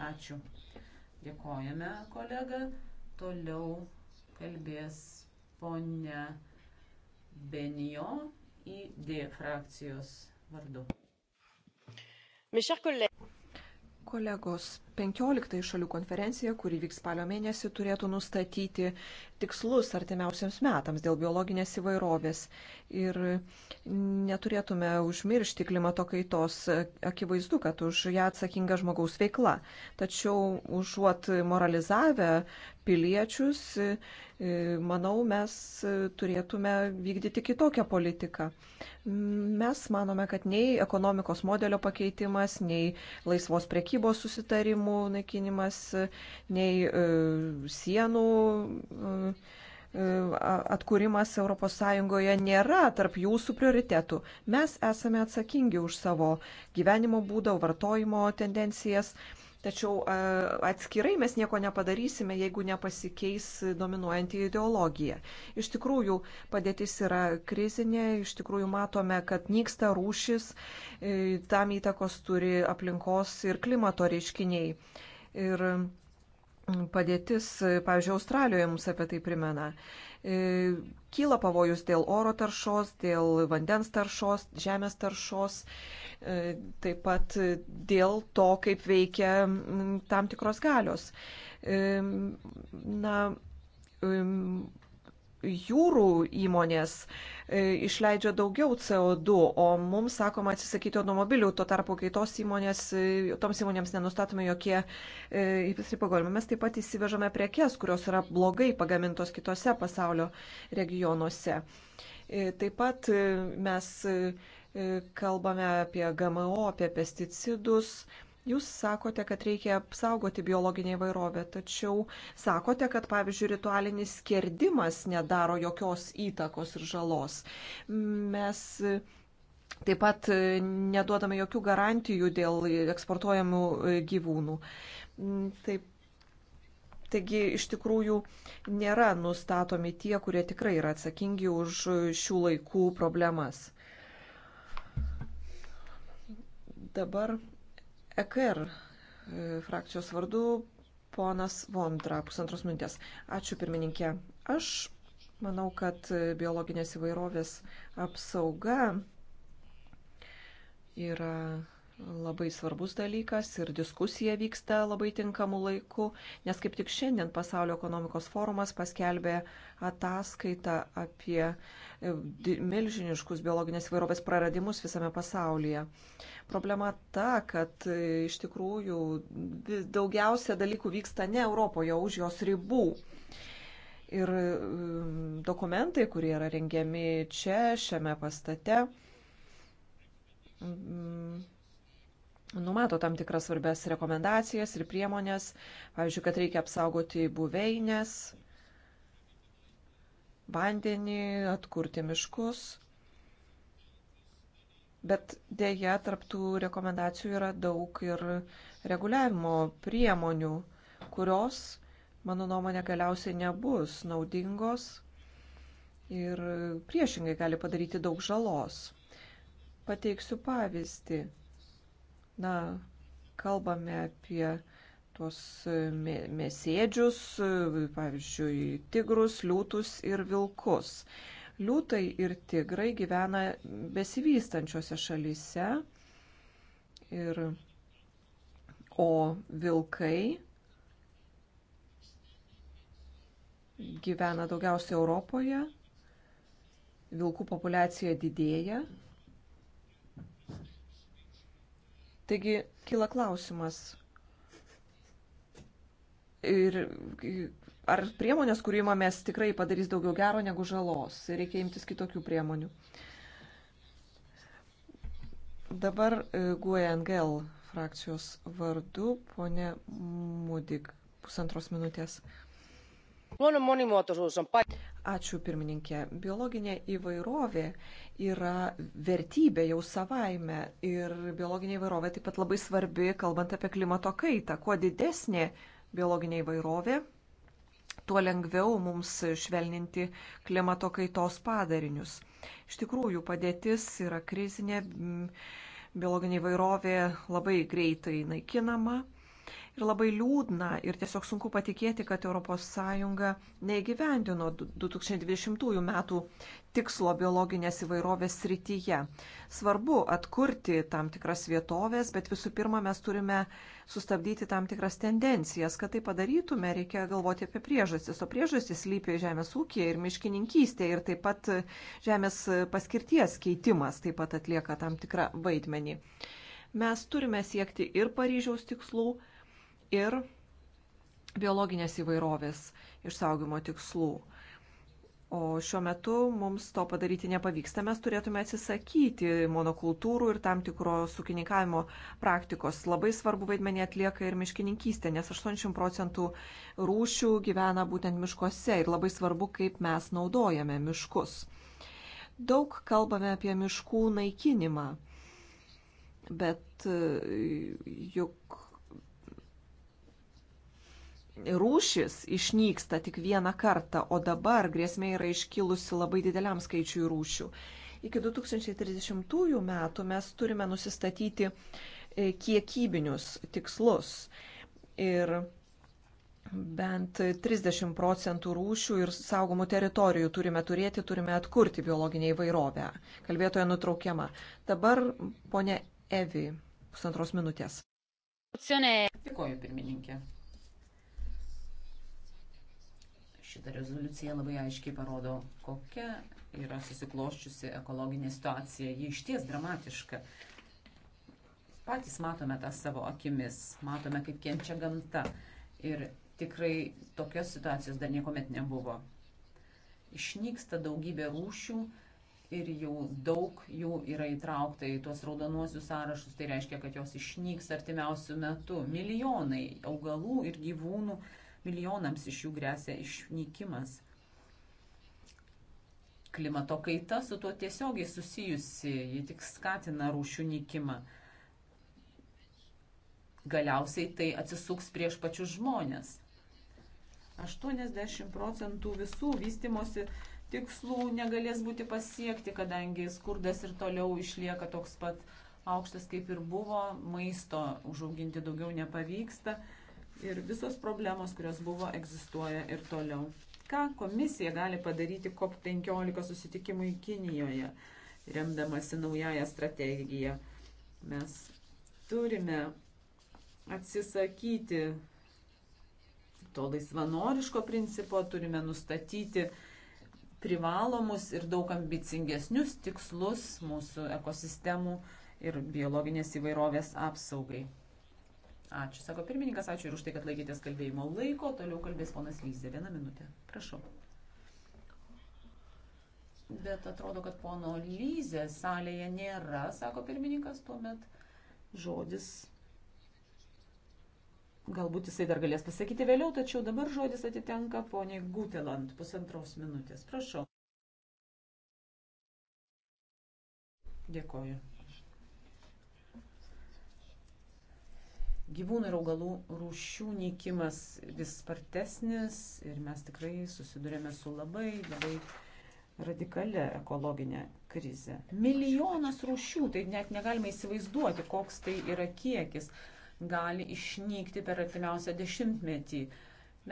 Ačiū. Dėkojame, kolega. Toliau kalbės ponia Benijo į D frakcijos vardu. Kolegos, 15 šalių konferencija, kuri vyks spalio mėnesį, turėtų nustatyti tikslus artimiausiams metams dėl biologinės įvairovės. Ir neturėtume užmiršti klimato kaitos. Akivaizdu, kad už ją atsakinga žmogaus veikla. Tačiau užuot moralizavę piliečius, manau, mes turėtume vykdyti kitokią politiką. Mes manome, kad nei ekonomikos modelio pakeitimas, nei laisvos prekybos susitarimų, programų naikinimas, nei e, sienų e, atkūrimas ES nėra tarp jūsų prioritetų. Mes esame atsakingi už savo gyvenimo būdą, vartojimo tendencijas. Tačiau e, atskirai mes nieko nepadarysime, jeigu nepasikeis dominuojanti ideologija. Iš tikrųjų, padėtis yra krizinė, iš tikrųjų matome, kad nyksta rūšis, e, tam įtakos turi aplinkos ir klimato reiškiniai. Ir padėtis, pavyzdžiui, Australijoje mums apie tai primena. E, kyla pavojus dėl oro taršos, dėl vandens taršos, žemės taršos E, taip pat dėl to, kaip veikia tam tikros galios. E, na, e, jūrų įmonės išleidžia daugiau CO2, o mums sakoma atsisakyti automobilių, tuo tarpu kitos įmonės, toms įmonėms nenustatome jokie įsipagolimai. Mes taip pat įsivežame prekes, kurios yra blogai pagamintos kitose pasaulio regionuose. Uh, E, taip pat e, mes e, kalbame apie GMO, apie pesticidus. Jūs sakote, kad reikia apsaugoti biologinę įvairovę, tačiau sakote, kad, pavyzdžiui, ritualinis skerdimas nedaro jokios įtakos ir žalos. Mes taip pat neduodame jokių garantijų dėl eksportuojamų gyvūnų. Mm, taip Taigi iš tikrųjų nėra nustatomi tie, kurie tikrai yra atsakingi už šių laikų problemas. Dabar EKR e, frakcijos vardu ponas Vondra, pusantros minutės. Ačiū pirmininkė. Aš manau, kad biologinės įvairovės apsauga yra labai svarbus dalykas ir diskusija vyksta labai tinkamu laiku, nes kaip tik šiandien Pasaulio ekonomikos forumas paskelbė ataskaitą apie e, milžiniškus biologinės įvairovės praradimus visame pasaulyje. Problema ta, kad e, iš tikrųjų daugiausia dalykų vyksta ne Europoje, o už jos ribų. Ir e, dokumentai, kurie yra rengiami čia, šiame pastate, numato tam tikras svarbės rekomendacijas ir priemonės, pavyzdžiui, kad reikia apsaugoti buveinės, vandenį, atkurti miškus. Bet dėja, tarptų rekomendacijų yra daug ir reguliavimo priemonių, kurios, mano nuomonė, galiausiai nebus naudingos ir priešingai gali padaryti daug žalos. Pateiksiu pavyzdį Na, kalbame apie tuos mėsėdžius, pavyzdžiui, tigrus, liūtus ir vilkus. Liūtai ir tigrai gyvena besivystančiose šalyse, ir, o vilkai gyvena daugiausiai Europoje, vilkų populiacija didėja Taigi kyla klausimas. Ir ar priemonės, kurių imamės, tikrai padarys daugiau gero negu žalos? Reikia imtis kitokių priemonių. Dabar e, GUNGL frakcijos vardu, ponė Mudik, pusantros minutės. Luonnon monimuotoisuus on Ačiū pirmininkė. Biologinė įvairovė yra vertybė jau savaime ir biologinė įvairovė taip pat labai svarbi, kalbant apie klimato kaitą. Kuo didesnė biologinė įvairovė, tuo lengviau mums švelninti klimato kaitos padarinius. Iš tikrųjų, padėtis yra krizinė, biologinė įvairovė labai greitai naikinama ir labai liūdna ir tiesiog sunku patikėti, kad ES neįgyvendino 2020 metų tikslo biologinės įvairovės srityje. Svarbu atkurti tam tikras vietovės, bet visų pirma mes turime sustabdyti tam tikras tendencijas. Kad tai padarytume, reikia galvoti apie priežastis, o priežastis lypia žemės ūkija ir miškininkystė ir taip pat žemės paskirties keitimas taip pat atlieka tam tikrą vaidmenį. Mes turime siekti ir Paryžiaus tikslų, ir biologinės įvairovės išsaugimo tikslų. O šiuo metu mums to padaryti nepavyksta. Mes turėtume atsisakyti monokultūrų ir tam tikro sukininkavimo praktikos. Labai svarbu vaidmenį atlieka ir miškininkystė, nes 80 procentų rūšių gyvena būtent miškuose ir labai svarbu, kaip mes naudojame miškus. Daug kalbame apie miškų naikinimą, bet e, juk rūšis išnyksta tik vieną kartą, o dabar grėsmė yra iškilusi labai dideliam skaičiui rūšių. Iki 2030 metų mes turime nusistatyti e, kiekybinius tikslus. Ir bent 30 procentų rūšių ir saugomų teritorijų turime turėti, turime atkurti biologinę įvairovę. Kalbėtoje nutraukiama. Dabar ponė Evi, pusantros minutės. Dėkoju, pirmininkė. Šita rezoliucija labai aiškiai parodo, kokia yra susikloščiusi ekologinė situacija. Ji išties dramatiška. Patys matome tą savo akimis, matome, kaip kenčia gamta. Ir tikrai tokios situacijos dar niekuomet nebuvo. Išnyksta daugybė rūšių ir jau daug jų yra įtraukta į tuos raudonuosius sąrašus. Tai reiškia, kad jos išnyks artimiausių metų. Milijonai augalų ir gyvūnų milijonams iš jų grėsia išnykimas. Klimato kaita su tuo tiesiogiai susijusi, ji tik skatina rūšių nykimą. Galiausiai tai atsisuks prieš pačius žmonės. 80 procentų visų vystimosi tikslų negalės būti pasiekti, kadangi skurdas ir toliau išlieka toks pat aukštas, kaip ir buvo, maisto užauginti daugiau nepavyksta ir visos problemos, kurios buvo, egzistuoja ir toliau. Ką komisija gali padaryti COP15 susitikimui Kinijoje, remdamasi naująją strategiją? Mes turime atsisakyti to laisvanoriško principo, turime nustatyti privalomus ir daug ambicingesnius tikslus mūsų ekosistemų ir biologinės įvairovės apsaugai. Ačiū, sako pirmininkas, ačiū ir už tai, kad laikytės kalbėjimo laiko. Toliau kalbės ponas Lyzė. Vieną minutę. Prašau. Bet atrodo, kad pono Lyzė salėje nėra, sako pirmininkas, tuomet žodis. Galbūt jisai dar galės pasakyti vėliau, tačiau dabar žodis atitenka poniai Gutelant pusantros minutės. Prašau. Dėkoju. gyvūnų ir augalų rūšių nykimas vis spartesnis ir mes tikrai susidurėme su labai labai radikalia ekologinė krize. Milijonas rūšių, tai net negalime įsivaizduoti, koks tai yra kiekis, gali išnykti per artimiausią dešimtmetį.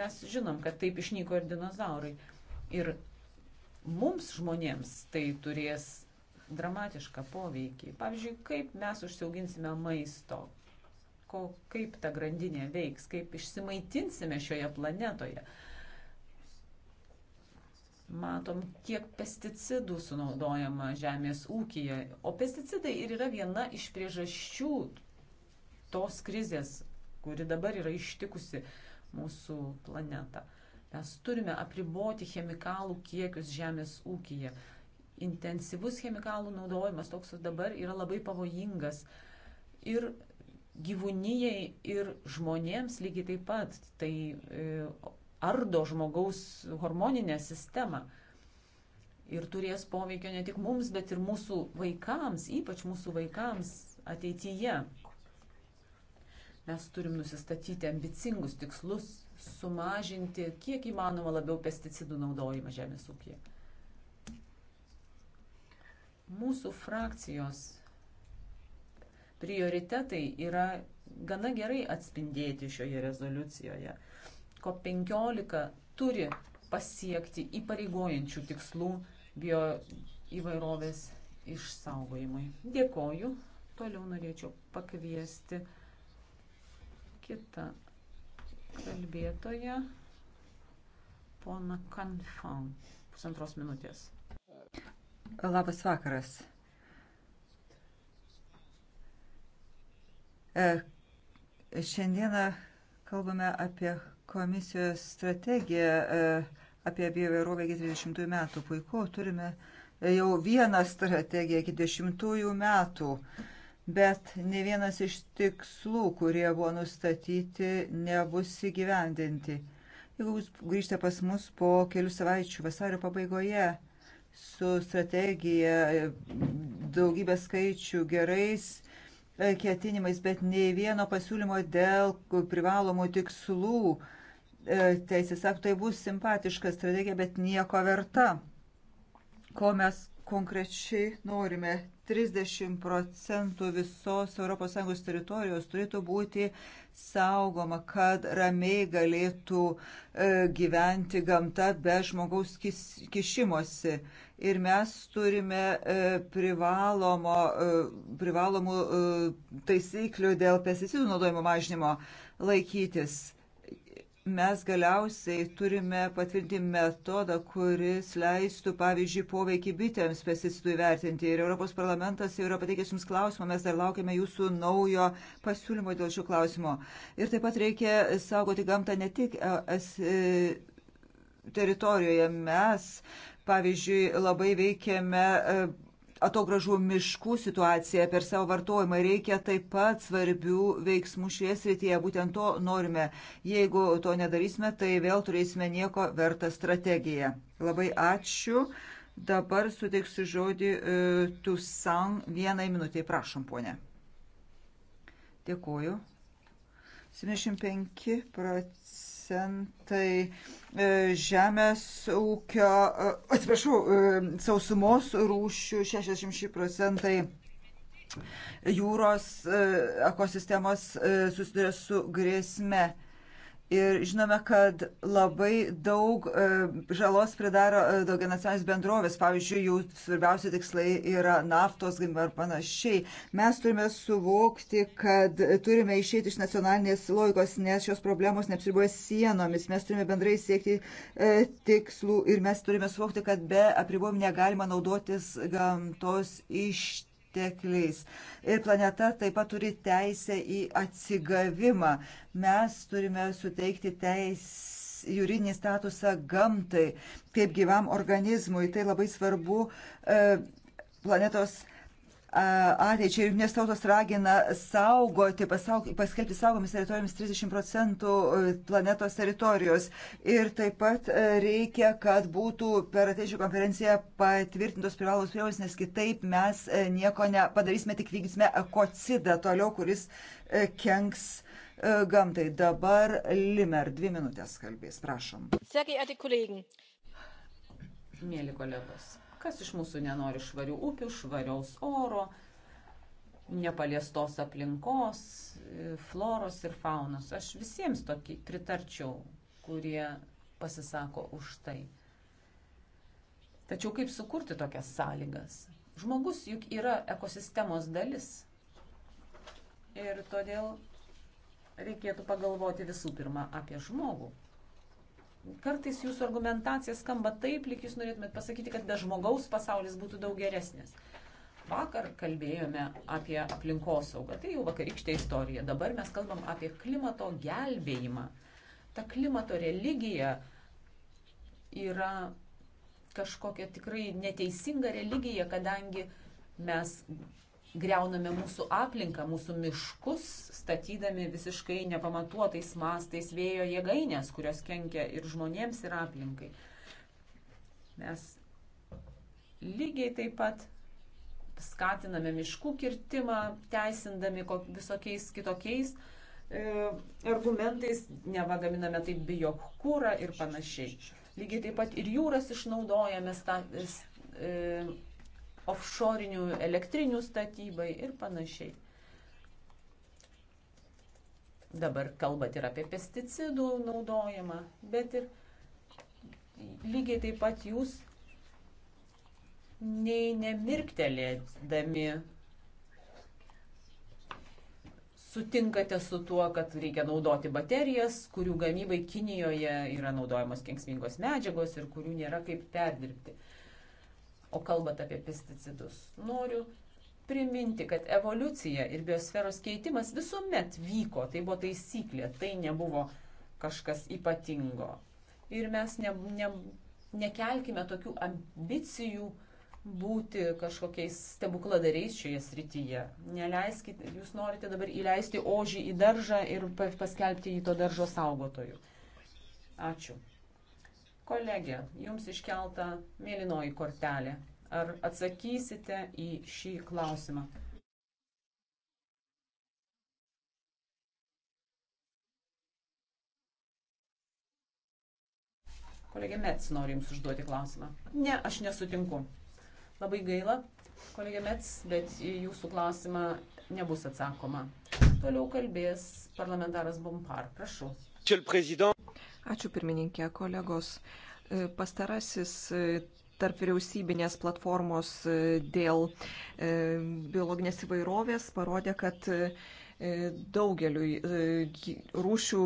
Mes žinom, kad taip išnyko ir dinozaurai. Ir mums žmonėms tai turės dramatišką poveikį. Pavyzdžiui, kaip mes užsiauginsime maisto, ko, kaip ta grandinė veiks, kaip išsimaitinsime šioje planetoje. Matom, kiek pesticidų sunaudojama žemės ūkija, o pesticidai ir yra viena iš priežasčių tos krizės, kuri dabar yra ištikusi mūsų planetą. Mes turime apriboti chemikalų kiekius žemės ūkija. Intensyvus chemikalų naudojimas, toks dabar, yra labai pavojingas ir gyvūnijai ir žmonėms lygiai taip pat. Tai e, ardo žmogaus hormoninę sistemą. Ir turės poveikio ne tik mums, bet ir mūsų vaikams, ypač mūsų vaikams ateityje. Mes turim nusistatyti ambicingus tikslus, sumažinti kiek įmanoma labiau pesticidų naudojimą žemės ūkėje. Mūsų frakcijos prioritetai yra gana gerai atspindėti šioje rezoliucijoje. COP15 turi pasiekti įpareigojančių tikslų bio įvairovės išsaugojimui. Dėkoju. Toliau norėčiau pakviesti kitą kalbėtoją, poną Kanfan. Pusantros minutės. Labas vakaras. E, šiandieną kalbame apie komisijos strategiją, e, apie bioįvairovę iki 30 metų. Puiku, turime e, jau vieną strategiją iki 10 metų, bet ne vienas iš tikslų, kurie buvo nustatyti, nebus įgyvendinti. Jeigu jūs grįžtate pas mus po kelių savaičių, vasario pabaigoje, su strategija, daugybė skaičių gerais ketinimais, bet nei vieno pasiūlymo dėl privalomų tikslų. E, teisės aktai bus simpatiška strategija, bet nieko verta. Ko mes konkrečiai norime 30 procentų visos ES teritorijos turėtų būti saugoma, kad ramiai galėtų e, gyventi gamta be žmogaus kišimosi. Ir mes turime e, privalomo, e, privalomų taisyklių dėl pesticidų naudojimo mažnymo laikytis mes galiausiai turime patvirtinti metodą, kuris leistų, pavyzdžiui, poveikį bitėms pesticidų įvertinti. Ir Europos parlamentas jau yra pateikęs Jums klausimą, mes dar laukiame Jūsų naujo pasiūlymo dėl šio klausimo. Ir taip pat reikia saugoti gamtą ne tik e, es, e, teritorijoje. Mes, pavyzdžiui, labai veikiame e, atogražų miškų situaciją per savo vartojimą. Reikia taip pat svarbių veiksmų šioje srityje. Būtent to norime. Jeigu to nedarysime, tai vėl turėsime nieko vertą strategiją. Labai ačiū. Dabar suteiksiu žodį e, Tusan vienai minutiai. Prašom, ponė. Dėkuoju. 75 procentų procentai e, žemės ūkio, e, atsiprašau, e, sausumos rūšių 66 procentai jūros ekosistemos susiduria su grėsme. Ir žinome, kad labai daug e, žalos pridaro e, daugianacionalinės bendrovės, pavyzdžiui, jų svarbiausi tikslai yra naftos gamyba ar panašiai. Mes turime suvokti, kad turime išėti iš nacionalinės logikos, nes šios problemos neapsiriboja sienomis. Mes turime bendrai siekti e, tikslų ir mes turime suvokti, kad be apribojimų negalima naudotis gamtos išteklių ištekliais. Ir planeta taip pat turi teisę į atsigavimą. Mes turime suteikti teisę juridinį statusą gamtai, kaip gyvam organizmui. Tai labai svarbu e, planetos ateičiai jungtinės tautos ragina saugoti, pasaug, paskelbti saugomis teritorijomis 30 procentų e, planetos teritorijos. Ir taip pat e, reikia, kad būtų per ateičių konferenciją patvirtintos privalomos priemonės, nes kitaip mes e, nieko nepadarysime, tik vykdysime ekocidą toliau, kuris kenks gamtai. Dabar Limer, dvi minutės kalbės, prašom. Mėly kolegos. Kas iš mūsų nenori švarių upių, švariaus oro, nepaliestos aplinkos, floros ir faunos. Aš visiems tokį pritarčiau, kurie pasisako už tai. Tačiau kaip sukurti tokias sąlygas? Žmogus juk yra ekosistemos dalis. Ir todėl reikėtų pagalvoti visų pirma apie žmogų. Kartais jūsų argumentacija skamba taip, lyg jūs norėtumėt pasakyti, kad be žmogaus pasaulis būtų daug geresnis. Vakar kalbėjome apie aplinkosaugą, tai jau vakarykštė istorija. Dabar mes kalbam apie klimato gelbėjimą. Ta klimato religija yra kažkokia tikrai neteisinga religija, kadangi mes greuname mūsų aplinką, mūsų miškus, statydami visiškai nepamatuotais mastais vėjo jėgainės, kurios kenkia ir žmonėms, ir aplinkai. Mes lygiai taip pat skatiname miškų kirtimą, teisindami visokiais kitokiais e, argumentais, nevagaminame taip biokūrą ir panašiai. Lygiai taip pat ir jūras išnaudojame sta, e, offshore'inių elektrinių statybai ir panašiai. Dabar kalbat ir apie pesticidų naudojimą, bet ir lygiai taip pat jūs nei nemirktelėdami sutinkate su tuo, kad reikia naudoti baterijas, kurių gamybai Kinijoje yra naudojamos kenksmingos medžiagos ir kurių nėra kaip perdirbti. O kalbant apie pesticidus, noriu priminti, kad evoliucija ir biosferos keitimas visuomet vyko, tai buvo taisyklė, tai nebuvo kažkas ypatingo. Ir mes ne, ne, nekelkime tokių ambicijų būti kažkokiais stebukladariais šioje srityje. Neleiskite, jūs norite dabar įleisti ožį į daržą ir paskelbti jį to daržo saugotoju. Ačiū. Kolegė, jums iškelta mėlynoji kortelė. Ar atsakysite į šį klausimą? Kolegė Mets nori jums užduoti klausimą. Ne, aš nesutinku. Labai gaila, kolegė Mets, bet į jūsų klausimą nebus atsakoma. Toliau kalbės parlamentaras Bompar. Prašau. Ačiū pirmininkė, kolegos. E, pastarasis e, tarp vyriausybinės platformos e, dėl biologinės įvairovės parodė, kad daugeliu rūšių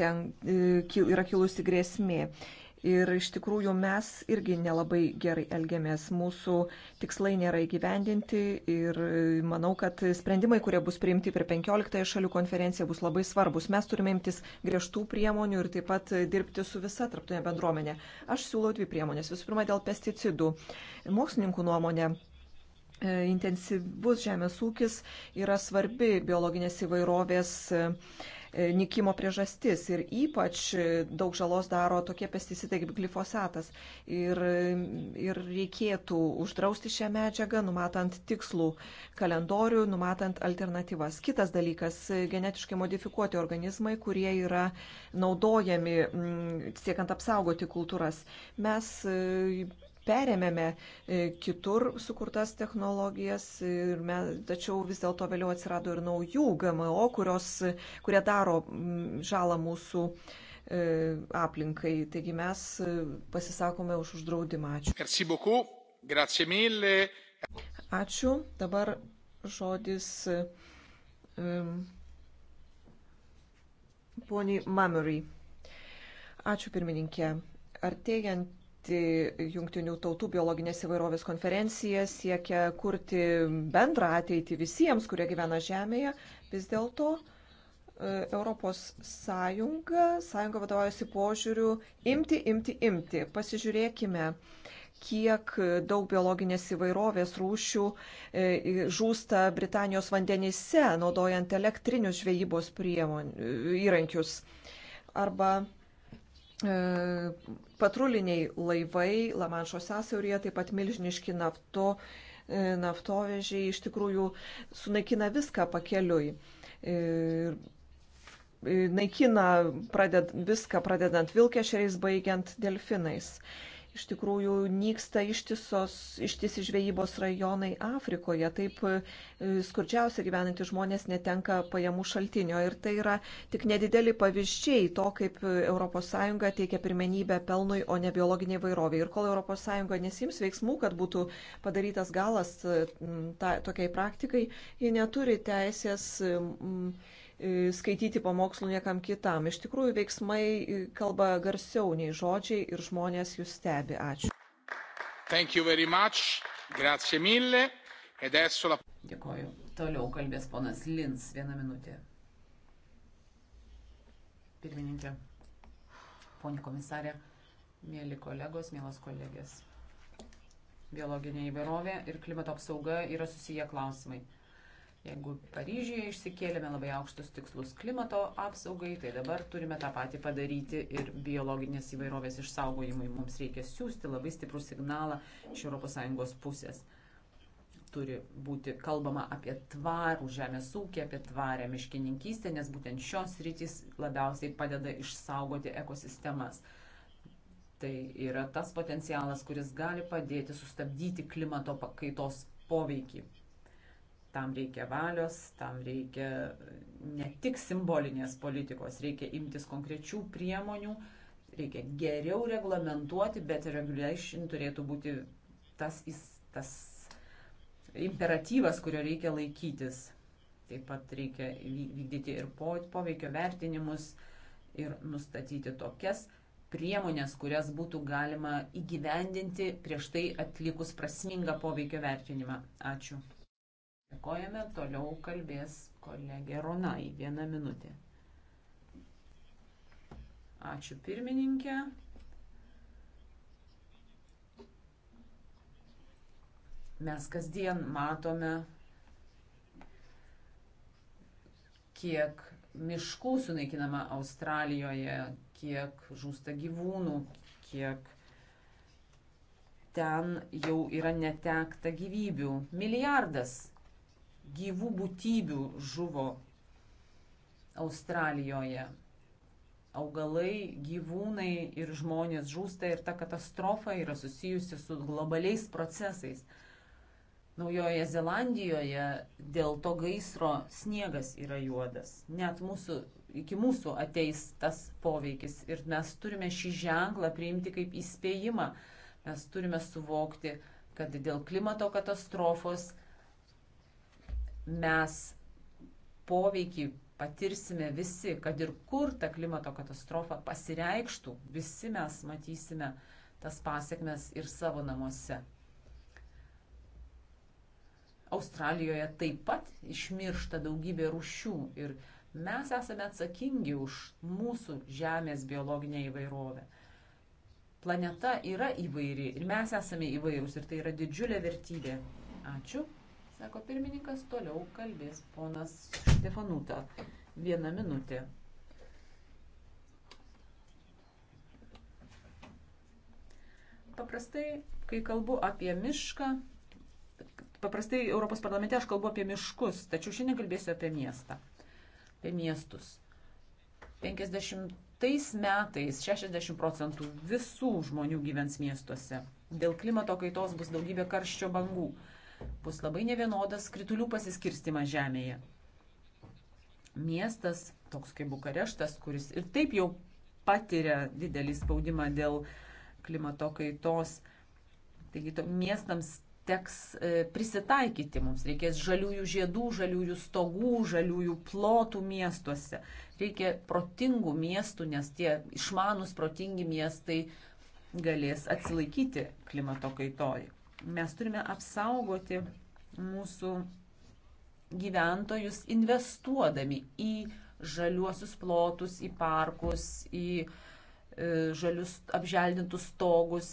ten yra kilusi grėsmė. Ir iš tikrųjų mes irgi nelabai gerai elgiamės, mūsų tikslai nėra įgyvendinti ir e, manau, kad sprendimai, kurie bus priimti per 15 šalių konferenciją, bus labai svarbus. Mes turime imtis griežtų priemonių ir taip pat dirbti su visa tarptautinė bendruomenė. Aš siūlau dvi priemonės. Visų pirma, dėl pesticidų. Mokslininkų nuomonė e, intensyvus žemės ūkis yra svarbi biologinės įvairovės e, E, nikimo priežastis ir ypač e, daug žalos daro tokie pesticidai kaip glifosatas. Ir, e, ir reikėtų uždrausti šią medžiagą, numatant tikslų kalendorių, numatant alternatyvas. Kitas dalykas - genetiškai modifikuoti organizmai, kurie yra naudojami siekiant apsaugoti kultūras. Mes perėmėme e, kitur sukurtas technologijas, mes, tačiau vis dėlto vėliau atsirado ir naujų GMO, kurios, kurie daro mm, žalą mūsų e, aplinkai. Taigi mes e, pasisakome už uždraudimą. Ačiū. Ačiū. Dabar žodis um, poniai Mamery. Ačiū pirmininkė. Artėjant rengti Junktinių tautų biologinės įvairovės konferenciją, siekia kurti bendrą ateitį visiems, kurie gyvena Žemėje. Vis dėlto e, Europos Sąjunga, Sąjunga vadovaujasi požiūriu imti, imti, imti. Pasižiūrėkime, kiek daug biologinės įvairovės rūšių e, žūsta Britanijos vandenyse, naudojant elektrinius žvejybos priemon, įrankius. Arba E, patruliniai laivai Lamanšo sąsiaurėje, taip pat milžiniški nafto, e, naftovežiai iš tikrųjų sunaikina viską pakeliui. Ir e, naikina praded, viską pradedant vilkešeriais, baigiant delfinais iš tikrųjų nyksta ištisos, ištisi žvejybos rajonai Afrikoje. Taip e, skurdžiausia gyvenantys žmonės netenka pajamų šaltinio. Ir tai yra tik nedideli pavyzdžiai to, kaip ES teikia pirmenybę pelnui, o ne biologiniai vairoviai. Ir kol ES nesims veiksmų, kad būtų padarytas galas ta, tokiai praktikai, ji neturi teisės. Mm, E, skaityti pamokslų niekam kitam. Iš tikrųjų, veiksmai e, kalba garsiau nei žodžiai ir žmonės jūs stebi. Ačiū. La... Dėkoju. Toliau kalbės ponas Lins. Vieną minutę. Pirmininkė, ponė komisarė, mėly kolegos, mielos kolegės. Biologinė įvairovė ir klimato apsauga yra susiję klausimai. Jeigu Paryžiuje išsikėlėme labai aukštus tikslus klimato apsaugai, tai dabar turime tą patį padaryti ir biologinės įvairovės išsaugojimui. Mums reikia siūsti labai stiprų signalą iš ES pusės. Turi būti kalbama apie tvarų žemės ūkį, apie tvarę miškininkystę, nes būtent šios rytis labiausiai padeda išsaugoti ekosistemas. Tai yra tas potencialas, kuris gali padėti sustabdyti klimato kaitos poveikį Tam reikia valios, tam reikia ne tik simbolinės politikos, reikia imtis konkrečių priemonių, reikia geriau reglamentuoti, bet regulation turėtų būti tas, tas imperatyvas, kurio reikia laikytis. Taip pat reikia vykdyti ir poveikio vertinimus ir nustatyti tokias priemonės, kurias būtų galima įgyvendinti prieš tai atlikus prasmingą poveikio vertinimą. Ačiū. Dėkojame, toliau kalbės kolegė Ronai, vieną minutę. Ačiū pirmininkė. Mes kasdien matome, kiek miškų sunaikinama Australijoje, kiek žūsta gyvūnų, kiek ten jau yra netekta gyvybių. Milijardas gyvų būtybių žuvo Australijoje. Augalai, gyvūnai ir žmonės žūsta ir ta katastrofa yra susijusi su globaliais procesais. Naujojoje Zelandijoje dėl to gaisro sniegas yra juodas. Net mūsų, iki mūsų ateis tas poveikis ir mes turime šį ženklą priimti kaip įspėjimą. Mes turime suvokti, kad dėl klimato katastrofos mes poveikį patirsime visi, kad ir kur ta klimato katastrofa pasireikštų, visi mes matysime tas pasiekmes ir savo namuose. Australijoje taip pat išmiršta daugybė rūšių ir mes esame atsakingi už mūsų Žemės biologinę įvairovę. Planeta yra įvairi ir mes esame įvairūs ir tai yra didžiulė vertybė. Ačiū. Sako pirmininkas, toliau kalbės ponas Stefanuta. Viena minutė. Paprastai, kai kalbu apie mišką, paprastai Europos parlamente aš kalbu apie miškus, tačiau šiandien kalbėsiu apie miestą, apie miestus. 50 tais metais 60 procentų visų žmonių gyvens miestuose. Dėl klimato kaitos bus daugybė karščio bangų bus labai nevienodas kritulių pasiskirstimas žemėje. Miestas, toks kaip Bukareštas, kuris ir taip jau patiria didelį spaudimą dėl klimato kaitos, taigi to, miestams teks e, prisitaikyti, mums reikės žaliųjų žiedų, žaliųjų stogų, žaliųjų plotų miestuose. Reikia protingų miestų, nes tie išmanus protingi miestai galės atsilaikyti klimato kaitojai. Mes turime apsaugoti mūsų gyventojus investuodami į žaliuosius plotus, į parkus, į e, žalius apželdintus stogus.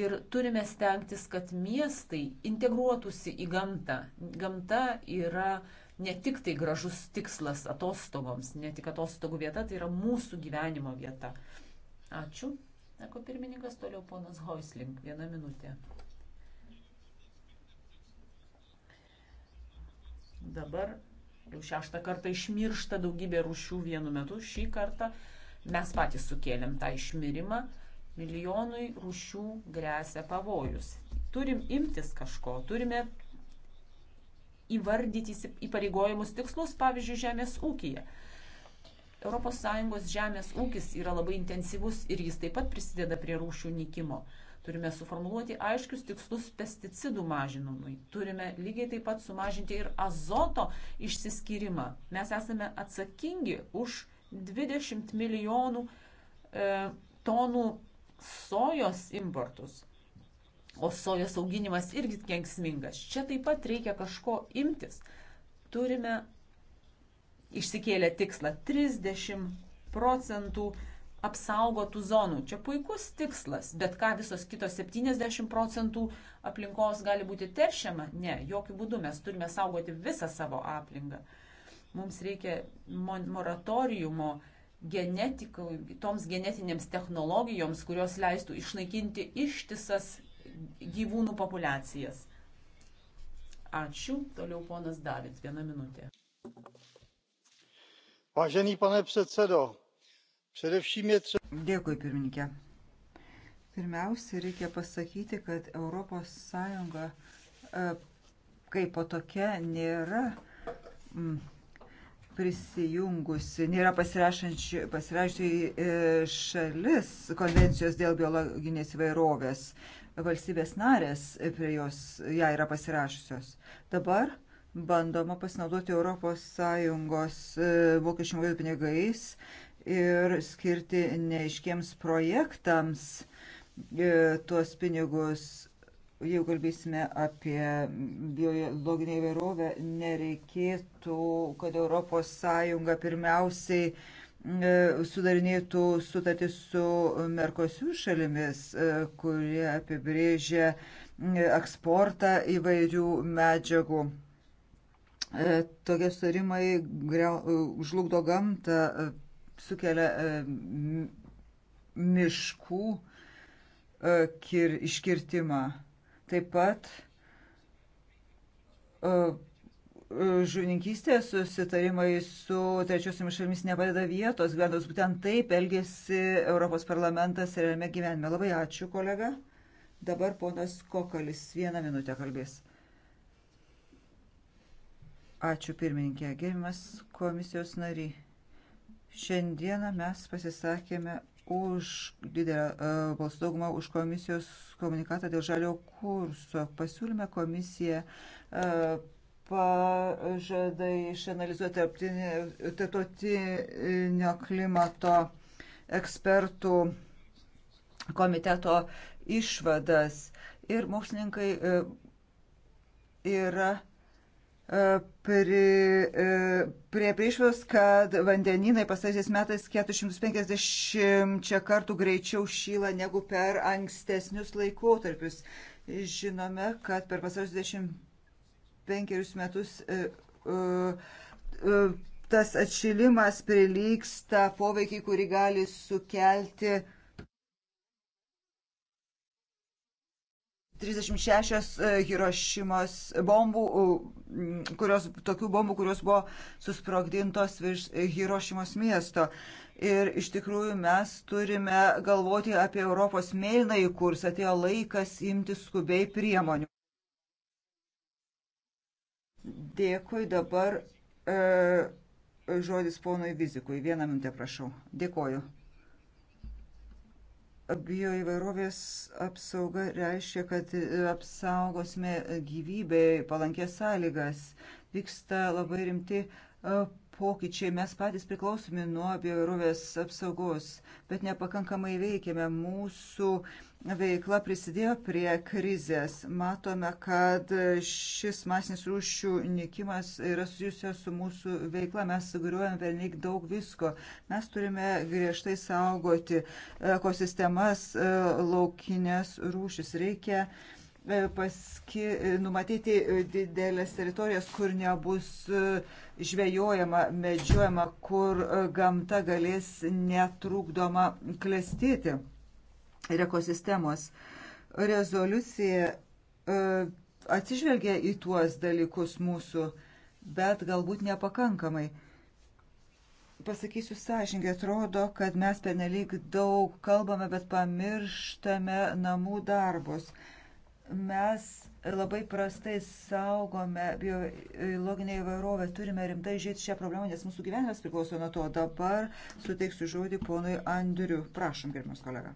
Ir turime stengtis, kad miestai integruotųsi į gamtą. Gamta yra ne tik tai gražus tikslas atostogoms, ne tik atostogų vieta, tai yra mūsų gyvenimo vieta. Ačiū. Sako pirmininkas, toliau ponas Hoisling. Vieną minutę. Dabar jau šeštą kartą išmiršta daugybė rūšių vienu metu. Šį kartą mes patys sukėlėm tą išmirimą. Milijonui rūšių grėsia pavojus. Turim imtis kažko, turime įvardyti įpareigojimus tikslus, pavyzdžiui, žemės ūkija. ES žemės ūkis yra labai intensyvus ir jis taip pat prisideda prie rūšių nykimo. Turime suformuoluoti aiškius tikslus pesticidų mažinimui. Turime lygiai taip pat sumažinti ir azoto išsiskyrimą. Mes esame atsakingi už 20 milijonų e, tonų sojos importus. O sojos auginimas irgi kenksmingas. Čia taip pat reikia kažko imtis. Turime išsikėlę tikslą 30 procentų apsaugotų zonų. Čia puikus tikslas, bet ką visos kitos 70 procentų aplinkos gali būti teršiama? Ne, jokių būdų mes turime saugoti visą savo aplinką. Mums reikia moratoriumo toms genetinėms technologijoms, kurios leistų išnaikinti ištisas gyvūnų populiacijas. Ačiū. Toliau ponas David, vieną minutę. Vážený pane předsedo, Dėkui, pirmininkė. Pirmiausia, reikia pasakyti, kad ES e, kaip po tokia nėra mm, prisijungusi, nėra pasirašusi e, šalis konvencijos dėl biologinės įvairovės. Valstybės narės prie jos ją yra pasirašusios. Dabar bandoma pasinaudoti ES e, mokesčių mokėtojų pinigais ir skirti neiškiems projektams e, tuos pinigus. Jeigu kalbėsime apie biologinę įvairovę, nereikėtų, kad ES pirmiausiai e, sudarinėtų sutartis su Merkosių šalimis, e, kurie apibrėžia eksportą įvairių medžiagų. Tokie sutarimai žlugdo gamtą, sukelia e, miškų e, kir, iškirtimą. Taip pat e, žuvininkystės susitarimai su trečiosiomis šalimis nepadeda vietos gyventojus. Būtent taip elgėsi Europos parlamentas realiame gyvenime. Labai ačiū, kolega. Dabar ponas Kokalis vieną minutę kalbės. Ačiū pirmininkė, gerimas komisijos nariai. Šiandieną mes pasisakėme už didelę e, balsų daugumą už komisijos komunikatą dėl žalio kurso. Pasiūlyme komisija e, pažadai išanalizuoti tarptautinio klimato ekspertų komiteto išvadas. Ir mokslininkai e, yra E, prie, prie priešvės, kad vandeninai pasaisiais metais 450 kartų greičiau šyla negu per ankstesnius laikotarpius. Žinome, kad per pasarius 25 metus e, e, tas atšilimas prilyksta poveikiai, kurį gali sukelti uh, 36 e, Hirošimos bombų, kurios, tokių bombų, kurios buvo susprogdintos virš e, Hirošimos miesto. Ir iš tikrųjų mes turime galvoti apie Europos mėlynąjį kursą. Atėjo laikas imti skubiai priemonių. Dėkui dabar e, žodis ponui Vizikui. Vieną minutę prašau. Dėkoju. Bioįvairovės apsauga reiškia, kad e, apsaugosime gyvybei palankės sąlygas. Vyksta labai rimti e, pokyčiai. Mes patys priklausomi nuo biorovės apsaugos, bet nepakankamai veikiame. Mūsų veikla prisidėjo prie krizės. Matome, kad šis masinis rūšių nikimas yra susijusios su mūsų veikla. Mes sugriuojam pernelyg daug visko. Mes turime griežtai saugoti ekosistemas, laukinės rūšis. Reikia uh, E, paski, e, numatyti e, didelės teritorijas, kur nebus žvejojama, medžiojama, kur gamta galės netrukdoma klestėti ir ekosistemos. Rezoliucija atsižvelgia į tuos dalykus mūsų, bet galbūt nepakankamai pasakysiu sąžingai, atrodo, kad mes penelyg daug kalbame, bet pamirštame namų darbus. Mes labai prastai saugome biologinę įvairovę, turime rimtai žiūrėti šią problemą, nes mūsų gyvenimas priklauso nuo to. Dabar suteiksiu žodį ponui Andriu. Prašom, gerbiamas kolega.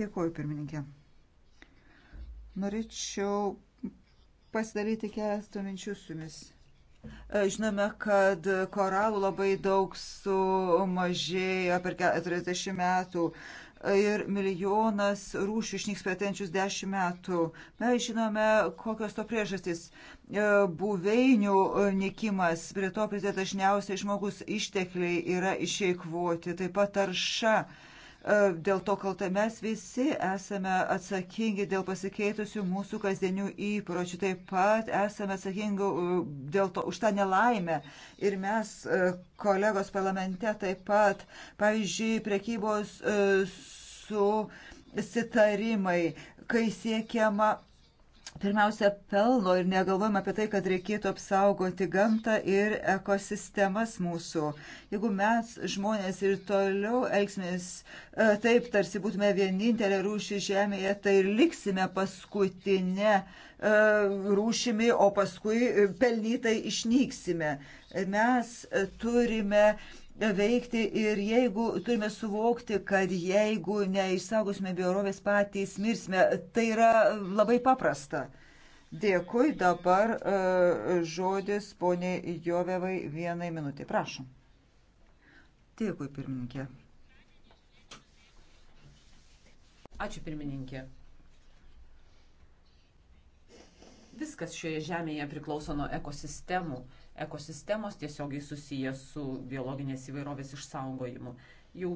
Dėkuoju, pirmininkė. Norėčiau pasidalyti keletą minčių su jumis. E, žinome, kad koralų labai daug sumažėjo per 40 metų ir milijonas rūšių išnyks per tenčius dešimt metų. Mes žinome, kokios to priežastys. E, buveinių e, nikimas, prie to prisideda dažniausiai žmogus ištekliai yra išeikvoti, taip pat tarša. E, dėl to kalta mes visi esame atsakingi dėl pasikeitusių mūsų kasdienių įpročių, taip pat esame atsakingi e, dėl to, už tą nelaimę. Ir mes, e, kolegos parlamente, taip pat, pavyzdžiui, prekybos su sitarimai, kai siekiama pirmiausia pelno ir negalvojam apie tai, kad reikėtų apsaugoti gamtą ir ekosistemas mūsų. Jeigu mes žmonės ir toliau elgsimės e, taip, tarsi būtume vienintelė rūšį žemėje, tai ir liksime paskutinę e, rūšimi, o paskui pelnytai išnyksime. Mes e, turime veikti ir jeigu turime suvokti, kad jeigu neišsaugosime biorovės patys, mirsime, tai yra labai paprasta. Dėkui, dabar e, žodis poniai Jovevai vienai minutį. Prašom. Dėkui, pirmininkė. Ačiū, pirmininkė. Viskas šioje žemėje priklauso nuo ekosistemų ekosistemos tiesiogiai susijęs su biologinės įvairovės išsaugojimu. Jau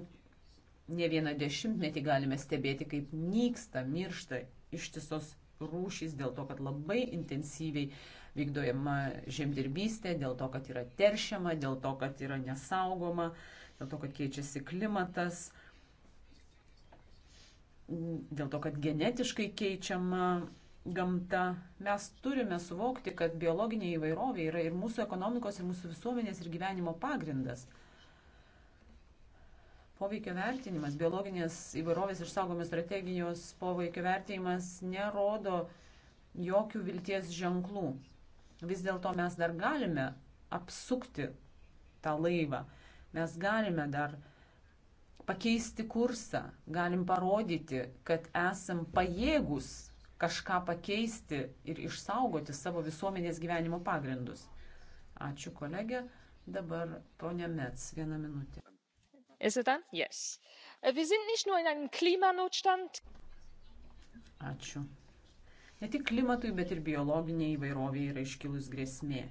ne vieną dešimtmetį galime stebėti, kaip nyksta, miršta ištisos rūšys dėl to, kad labai intensyviai vykdojama žemdirbystė, dėl to, kad yra teršiama, dėl to, kad yra nesaugoma, dėl to, kad keičiasi klimatas, dėl to, kad genetiškai keičiama gamta. Mes turime suvokti, kad biologinė įvairovė yra ir mūsų ekonomikos, ir mūsų visuomenės, ir gyvenimo pagrindas. Poveikio vertinimas, biologinės įvairovės išsaugomės strategijos poveikio vertinimas nerodo jokių vilties ženklų. Vis dėlto mes dar galime apsukti tą laivą. Mes galime dar pakeisti kursą, galim parodyti, kad esam pajėgus kažką pakeisti ir išsaugoti savo visuomenės gyvenimo pagrindus. Ačiū kolegė. Dabar ponia Mets, vieną minutę. Yes. Äh, Ačiū. Ne tik klimatui, bet ir biologiniai įvairoviai yra iškilus grėsmė.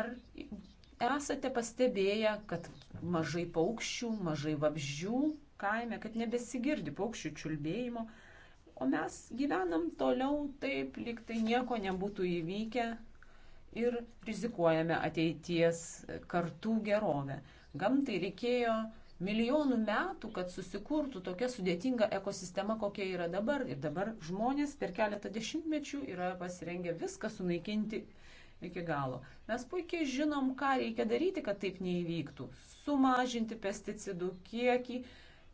Ar esate pastebėję, kad mažai paukščių, mažai vabzdžių kaime, kad nebesigirdi paukščių čiulbėjimo? O mes gyvenam toliau taip, lyg tai nieko nebūtų įvykę ir rizikuojame ateities kartų gerovę. Gamtai reikėjo milijonų metų, kad susikurtų tokia sudėtinga ekosistema, kokia yra dabar. Ir dabar žmonės per keletą dešimtmečių yra pasirengę viską sunaikinti iki galo. Mes puikiai žinom, ką reikia daryti, kad taip neįvyktų. Sumažinti pesticidų kiekį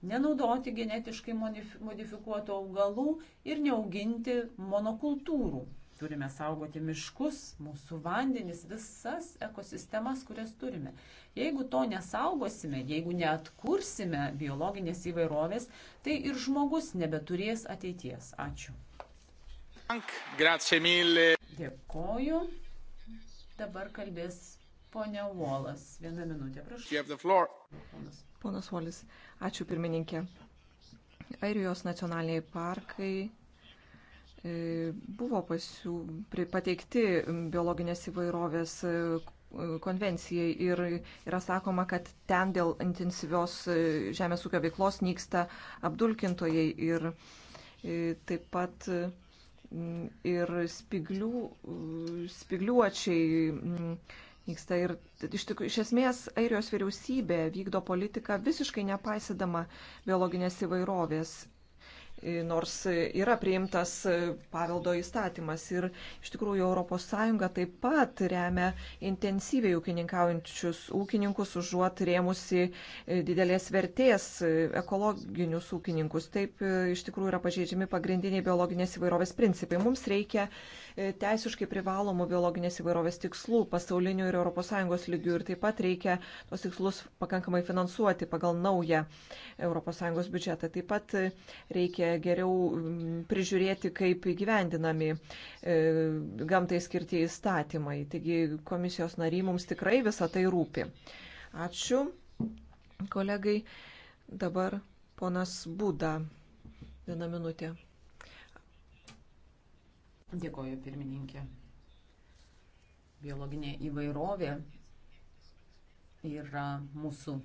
nenaudoti genetiškai modifikuotų augalų ir neauginti monokultūrų. Turime saugoti miškus, mūsų vandenis, visas ekosistemas, kurias turime. Jeigu to nesaugosime, jeigu neatkursime biologinės įvairovės, tai ir žmogus nebeturės ateities. Ačiū. Dėkoju. Dabar kalbės ponia Volas. Vieną minutę, prašau. Ponas Volis, ačiū pirmininkė. Airijos nacionaliniai parkai e, buvo pasiū, pateikti biologinės įvairovės e, konvencijai ir yra sakoma, kad ten dėl intensyvios e, žemės ūkio veiklos nyksta apdulkintojai ir taip pat ir spiglių, spigliuočiai vyksta. Ir iš, tik, iš esmės Airijos vyriausybė vykdo politiką visiškai nepaisydama biologinės įvairovės nors yra priimtas paveldo įstatymas. Ir iš tikrųjų ES taip pat remia intensyviai ūkininkaujančius ūkininkus, užuot rėmusi didelės vertės ekologinius ūkininkus. Taip e, iš tikrųjų yra pažeidžiami pagrindiniai biologinės įvairovės principai. Mums reikia e, teisiškai privalomų biologinės įvairovės tikslų pasaulinių ir ES lygių ir taip pat reikia tos tikslus pakankamai finansuoti pagal naują ES biudžetą. Taip pat e, reikia geriau mm, prižiūrėti, kaip įgyvendinami e, gamtai skirti įstatymai. Taigi komisijos nariai mums tikrai visą tai rūpi. Ačiū, kolegai. Dabar ponas Būda. Viena minutė. Dėkoju, pirmininkė. Biologinė įvairovė yra mūsų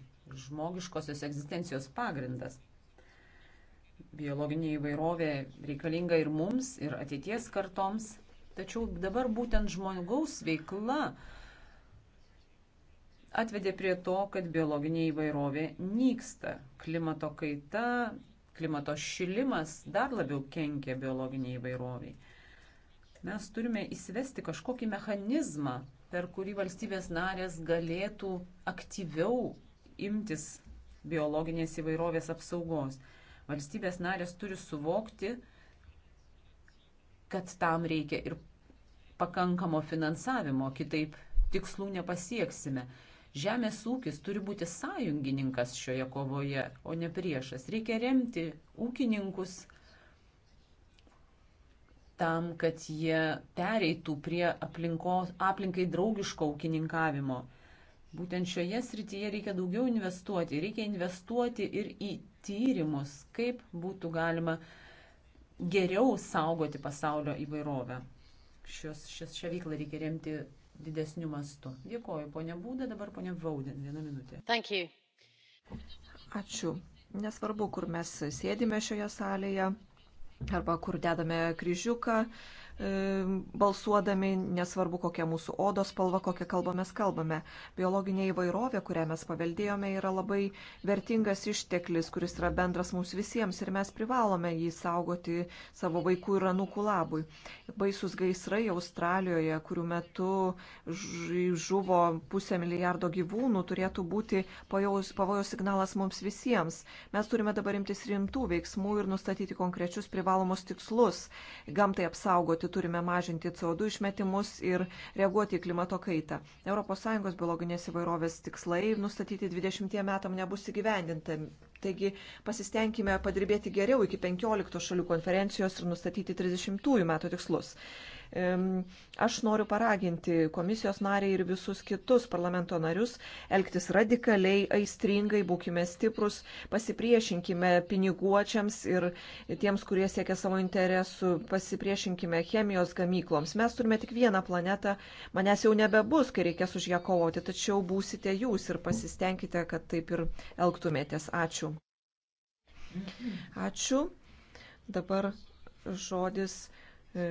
žmogiškosios egzistencijos pagrindas biologinė įvairovė reikalinga ir mums, ir ateities kartoms. Tačiau dabar būtent žmogaus veikla atvedė prie to, kad biologinė įvairovė nyksta. Klimato kaita, klimato šilimas dar labiau kenkia biologiniai įvairoviai. Mes turime įsivesti kažkokį mechanizmą, per kurį valstybės narės galėtų aktyviau imtis biologinės įvairovės apsaugos. Valstybės narės turi suvokti, kad tam reikia ir pakankamo finansavimo, kitaip tikslų nepasieksime. Žemės ūkis turi būti sąjungininkas šioje kovoje, o ne priešas. Reikia remti ūkininkus tam, kad jie pereitų prie aplinko, aplinkai draugiško ūkininkavimo. Būtent šioje srityje reikia daugiau investuoti. Reikia investuoti ir į tyrimus, kaip būtų galima geriau saugoti pasaulio įvairovę. Šios, šios, šią veiklą reikia remti didesniu mastu. Dėkoju, ponia Būda, dabar ponia Vaudin, vieną minutę. Ačiū. Nesvarbu, kur mes sėdime šioje salėje arba kur dedame kryžiuką, balsuodami, nesvarbu kokia mūsų odos spalva, kokią kalbą mes kalbame. Biologinė įvairovė, kurią mes paveldėjome, yra labai vertingas išteklis, kuris yra bendras mums visiems ir mes privalome jį saugoti savo vaikų ir anūkų labui. Baisus gaisrai Australijoje, kurių metu žuvo pusę milijardo gyvūnų, turėtų būti pavojo signalas mums visiems. Mes turime dabar imtis rimtų veiksmų ir nustatyti konkrečius privalomus tikslus gamtai apsaugoti pirmiausia, turime mažinti CO2 išmetimus ir reaguoti į klimato kaitą. ES biologinės įvairovės tikslai nustatyti 20 metam nebus įgyvendintami. Taigi pasistengime padirbėti geriau iki 15 šalių konferencijos ir nustatyti 30 metų tikslus. Aš noriu paraginti komisijos nariai ir visus kitus parlamento narius elgtis radikaliai, aistringai, būkime stiprus, pasipriešinkime piniguočiams ir tiems, kurie siekia savo interesų, pasipriešinkime chemijos gamykloms. Mes turime tik vieną planetą, manęs jau nebebus, kai reikės už ją kovoti, tačiau būsite jūs ir pasistengkite, kad taip ir elgtumėtės. Ačiū. Ačiū. Dabar žodis e,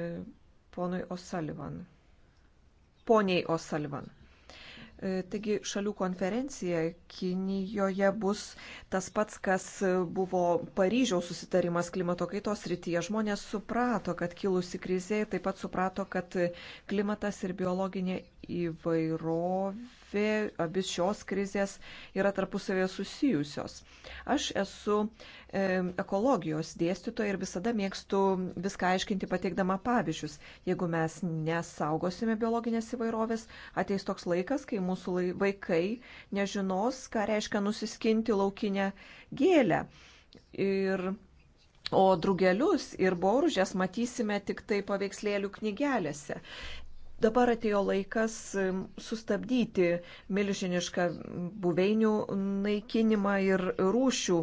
ponui O'Sullivan. Poniai O'Sullivan. E, taigi šalių konferencija Kinijoje bus tas pats, kas buvo Paryžiaus susitarimas klimato kaitos rytyje. Žmonės suprato, kad kilusi krizė, taip pat suprato, kad klimatas ir biologinė įvairovė, abi šios krizės yra tarpusavėje susijusios. Aš esu e, ekologijos dėstytoja ir visada mėgstu viską aiškinti pateikdama pavyzdžius. Jeigu mes nesaugosime biologinės įvairovės, ateis toks laikas, kai mūsų vaikai nežinos, ką reiškia nusiskinti laukinę gėlę. Ir O drugelius ir boružės matysime tik tai paveikslėlių knygelėse. Dabar atėjo laikas sustabdyti milžinišką buveinių naikinimą ir rūšių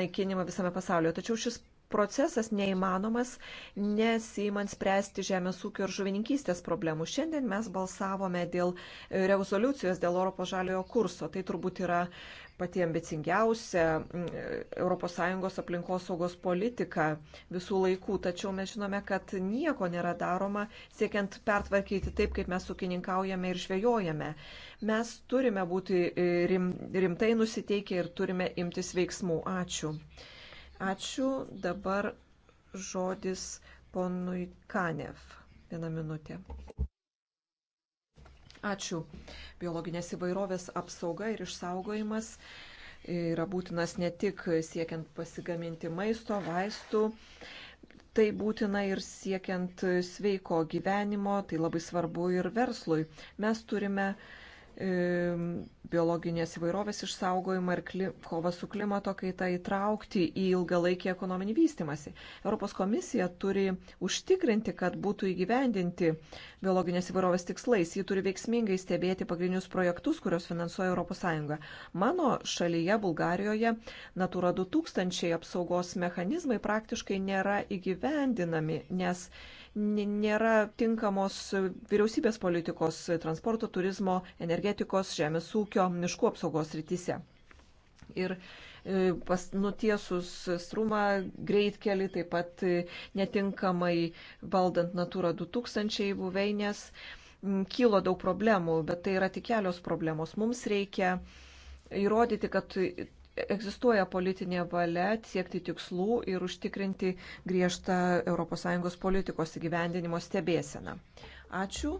naikinimą visame pasaulyje. Tačiau šis procesas neįmanomas, nesijimant spręsti žemės ūkio ir žuvininkystės problemų. Šiandien mes balsavome dėl rezoliucijos dėl Europos žaliojo kurso. Tai turbūt yra pati ambicingiausia mm, ES aplinkosaugos politika visų laikų, tačiau mes žinome, kad nieko nėra daroma siekiant pertvarkyti taip, kaip mes sukininkaujame ir žvejojame. Mes turime būti e, rim, rimtai nusiteikę ir turime imtis veiksmų. Ačiū. Ačiū. Dabar žodis ponui Kanev. Vieną minutę. Ačiū. Biologinės įvairovės apsauga ir išsaugojimas yra būtinas ne tik siekiant pasigaminti maisto, vaistų, tai būtina ir siekiant sveiko gyvenimo, tai labai svarbu ir verslui. Mes turime uh, E, biologinės įvairovės išsaugojimą ir kli, kovą su klimato kaita įtraukti į ilgalaikį ekonominį vystimąsi. Europos komisija turi užtikrinti, kad būtų įgyvendinti biologinės įvairovės tikslais. Ji turi veiksmingai stebėti pagrindinius projektus, kurios finansuoja ES. Mano šalyje, Bulgarijoje, Natura 2000 apsaugos mechanizmai praktiškai nėra įgyvendinami, nes nėra tinkamos vyriausybės politikos transporto, turizmo, energetikos, žemės ūkio, miškų apsaugos rytise. Ir e, pas, nutiesus strumą greitkelį, taip pat e, netinkamai valdant Natūra 2000 buveinės, kilo daug problemų, bet tai yra tik kelios problemos. Mums reikia įrodyti, kad egzistuoja politinė valia siekti tikslų ir užtikrinti griežtą ES politikos įgyvendinimo stebėseną. Ačiū.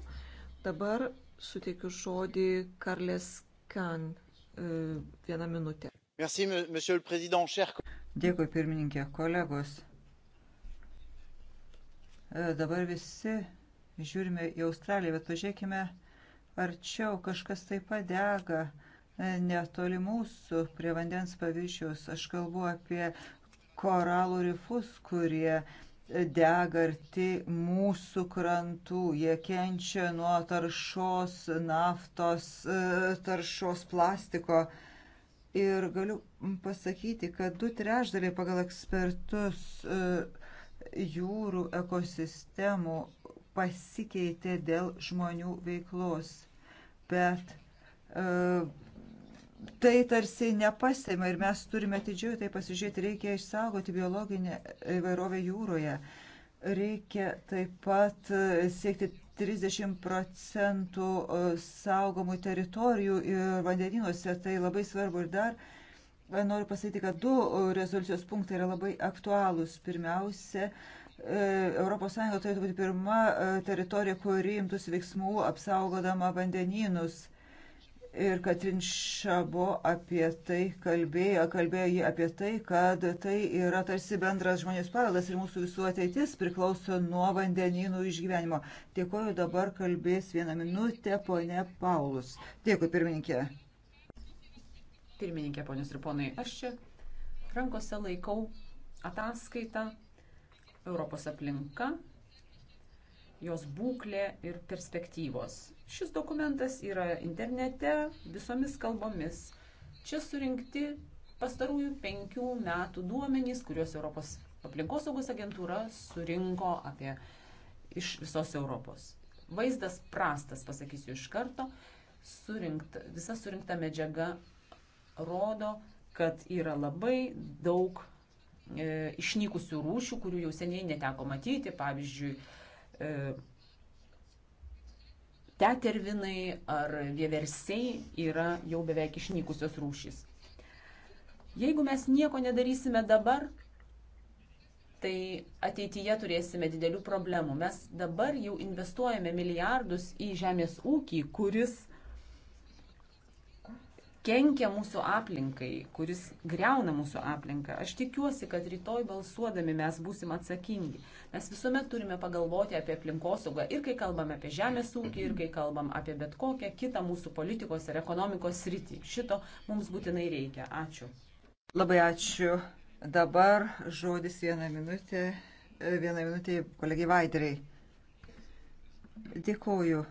Dabar suteikiu žodį Karlės Kan. E, vieną minutę. Merci, Dėkui, pirmininkė, kolegos. E, dabar visi žiūrime į Australiją, bet pažiūrėkime arčiau, kažkas taip padega. dega netoli mūsų prie vandens paviršiaus. Aš kalbu apie koralų rifus, kurie dega arti mūsų krantų. Jie kenčia nuo taršos, naftos, taršos plastiko. Ir galiu pasakyti, kad du trešdaliai pagal ekspertus e, jūrų ekosistemų pasikeitė dėl žmonių veiklos. Bet e, tai tarsi nepasėma ir mes turime atidžiai tai pasižiūrėti, reikia išsaugoti biologinę įvairovę jūroje. Reikia taip pat e, siekti 30 procentų e, saugomų teritorijų ir vandeninuose, tai labai svarbu ir dar. E, noriu pasakyti, kad du rezoliucijos punktai yra labai aktualūs. Pirmiausia, ES turėtų būti pirma teritorija, kuri imtųsi veiksmų apsaugodama vandenynus. Ir Katrin Šabo apie tai kalbėjo, kalbėjo jį apie tai, kad tai yra tarsi bendras žmonės paveldas ir mūsų visų ateitis priklauso nuo vandenynų išgyvenimo. Dėkoju, dabar kalbės vieną minutę ponė Paulus. Dėkui, pirmininkė. Pirmininkė, ponios ir ponai, aš čia rankose laikau ataskaitą Europos aplinka jos būklė ir perspektyvos. Šis dokumentas yra internete visomis kalbomis. Čia surinkti pastarųjų penkių metų duomenys, kuriuos Europos aplinkosaugos agentūra surinko apie iš visos Europos. Vaizdas prastas, pasakysiu iš karto. Surinkt, visa surinkta medžiaga rodo, kad yra labai daug e, išnykusių rūšių, kurių jau seniai neteko matyti. Pavyzdžiui, e, E, tetervinai ar vieversiai yra jau beveik išnykusios rūšys. Jeigu mes nieko nedarysime dabar, tai ateityje turėsime didelių problemų. Mes dabar jau investuojame milijardus į žemės ūkį, kuris uh, kenkia mūsų aplinkai, kuris greuna mūsų aplinką. Aš tikiuosi, kad rytoj balsuodami mes būsim atsakingi. Mes visuomet turime pagalvoti apie aplinkosaugą ir kai kalbam apie žemės ūkį, ir kai kalbam apie bet kokią kitą mūsų politikos ir ekonomikos sritį. Šito mums būtinai reikia. Ačiū. Labai ačiū. Dabar žodis vieną minutę, vieną minutę kolegiai Vaidrai. Dėkuoju.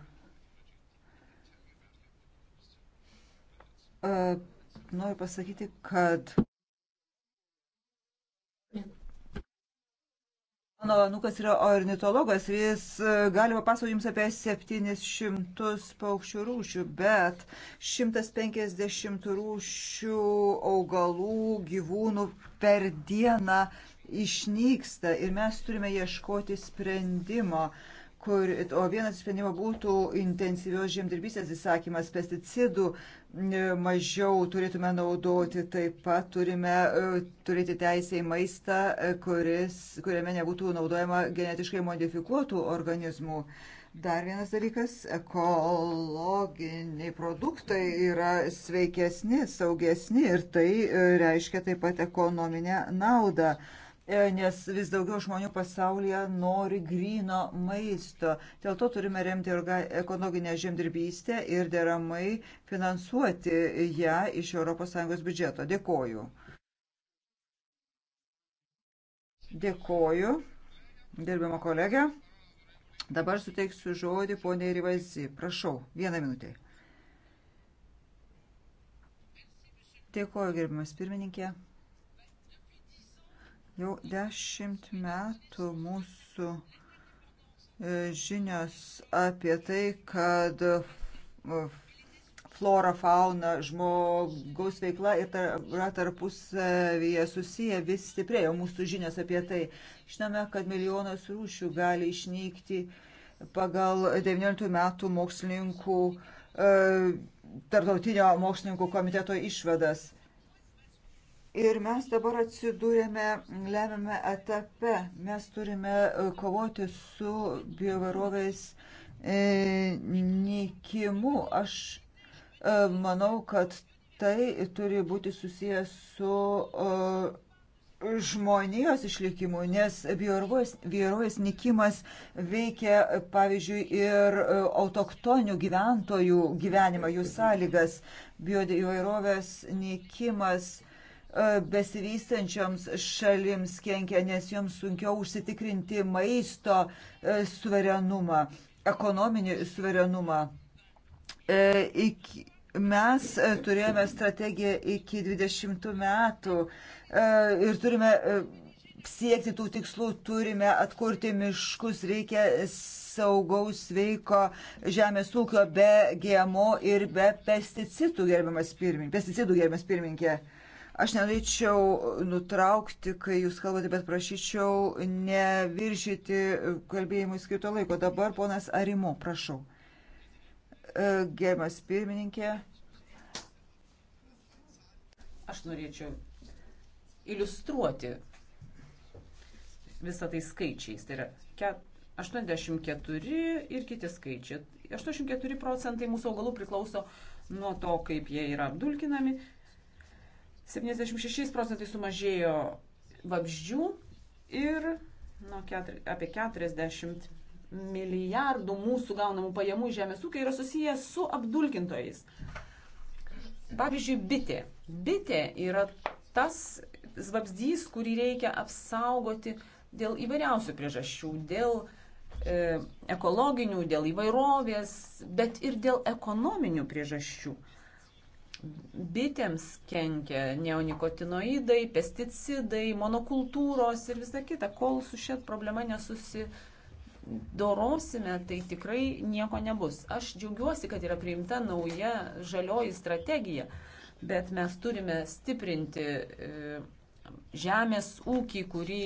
noriu pasakyti, kad Mano anukas yra ornitologas ir jis e, gali papasakoti jums apie 700 paukščių rūšių, bet 150 rūšių augalų, gyvūnų per dieną išnyksta ir mes turime ieškoti sprendimo. Uh, kur, o vienas sprendimo būtų intensyvios žemdirbysės įsakymas, pesticidų mažiau turėtume naudoti, taip pat turime e, turėti teisę į maistą, e, kuris, kuriame nebūtų naudojama genetiškai modifikuotų organizmų. Dar vienas dalykas - ekologiniai produktai yra sveikesni, saugesni ir tai e, reiškia taip pat ekonominę naudą. E, nes vis daugiau žmonių pasaulyje nori gryno maisto. Dėl to turime remti ekologinę žemdirbystę ir deramai finansuoti ją iš ES biudžeto. Dėkoju. Dėkoju, gerbiamo kolegė. Dabar suteiksiu žodį poniai Rivazi. Prašau, vieną minutę. Dėkoju, gerbiamas pirmininkė. Jau dešimt metų mūsų e, žinios apie tai, kad e, flora, fauna, žmogaus veikla yra tarpusavyje susiję vis stiprėjo mūsų žinios apie tai. Žinome, kad milijonas rūšių gali išnykti pagal 19 metų mokslininkų, e, tarptautinio mokslininkų komiteto išvadas. Ir mes dabar atsidūrėme lemiame etape. Mes turime e, kovoti su biovarovės e, nikimu. Aš e, manau, kad tai turi būti susijęs su e, žmonijos išlikimu, nes biovarovės nikimas veikia, pavyzdžiui, ir e, autoktonių gyventojų gyvenimą, jų sąlygas. Biovarovės nikimas E, besivystančioms šalims kenkia, nes joms sunkiau užsitikrinti maisto e, suverenumą, ekonominį suverenumą. E, iki, mes turėjome strategiją iki 20 metų ir turime siekti tų tikslų, turime atkurti miškus, reikia saugaus, sveiko žemės ūkio be GMO ir be pesticidų, gerbiamas pirmininkė. Pesticidų, gerbiamas pirmininkė. Aš nenorėčiau nutraukti, kai jūs kalbate, bet prašyčiau neviršyti kalbėjimui skirto laiko. Dabar ponas Arimo, prašau. E, gerbiamas pirmininkė. Aš norėčiau iliustruoti visą tai skaičiais. Tai yra 84 ir kiti skaičiai. 84 procentai mūsų augalų priklauso nuo to, kaip jie yra apdulkinami, 76 procentai sumažėjo vabzdžių ir nu, keturi, apie 40 milijardų mūsų gaunamų pajamų žemės ūkiai yra susijęs su apdulkintojais. Pavyzdžiui, bitė. Bitė yra tas vabzdys, kurį reikia apsaugoti dėl įvairiausių priežasčių, dėl e, ekologinių, dėl įvairovės, bet ir dėl ekonominių priežasčių. E, bitėms kenkia neonikotinoidai, pesticidai, monokultūros ir visa kita. Kol su šia problema nesusidorosime, tai tikrai nieko nebus. Aš džiaugiuosi, kad yra priimta nauja žalioji strategija, bet mes turime stiprinti e, žemės ūkį, kurį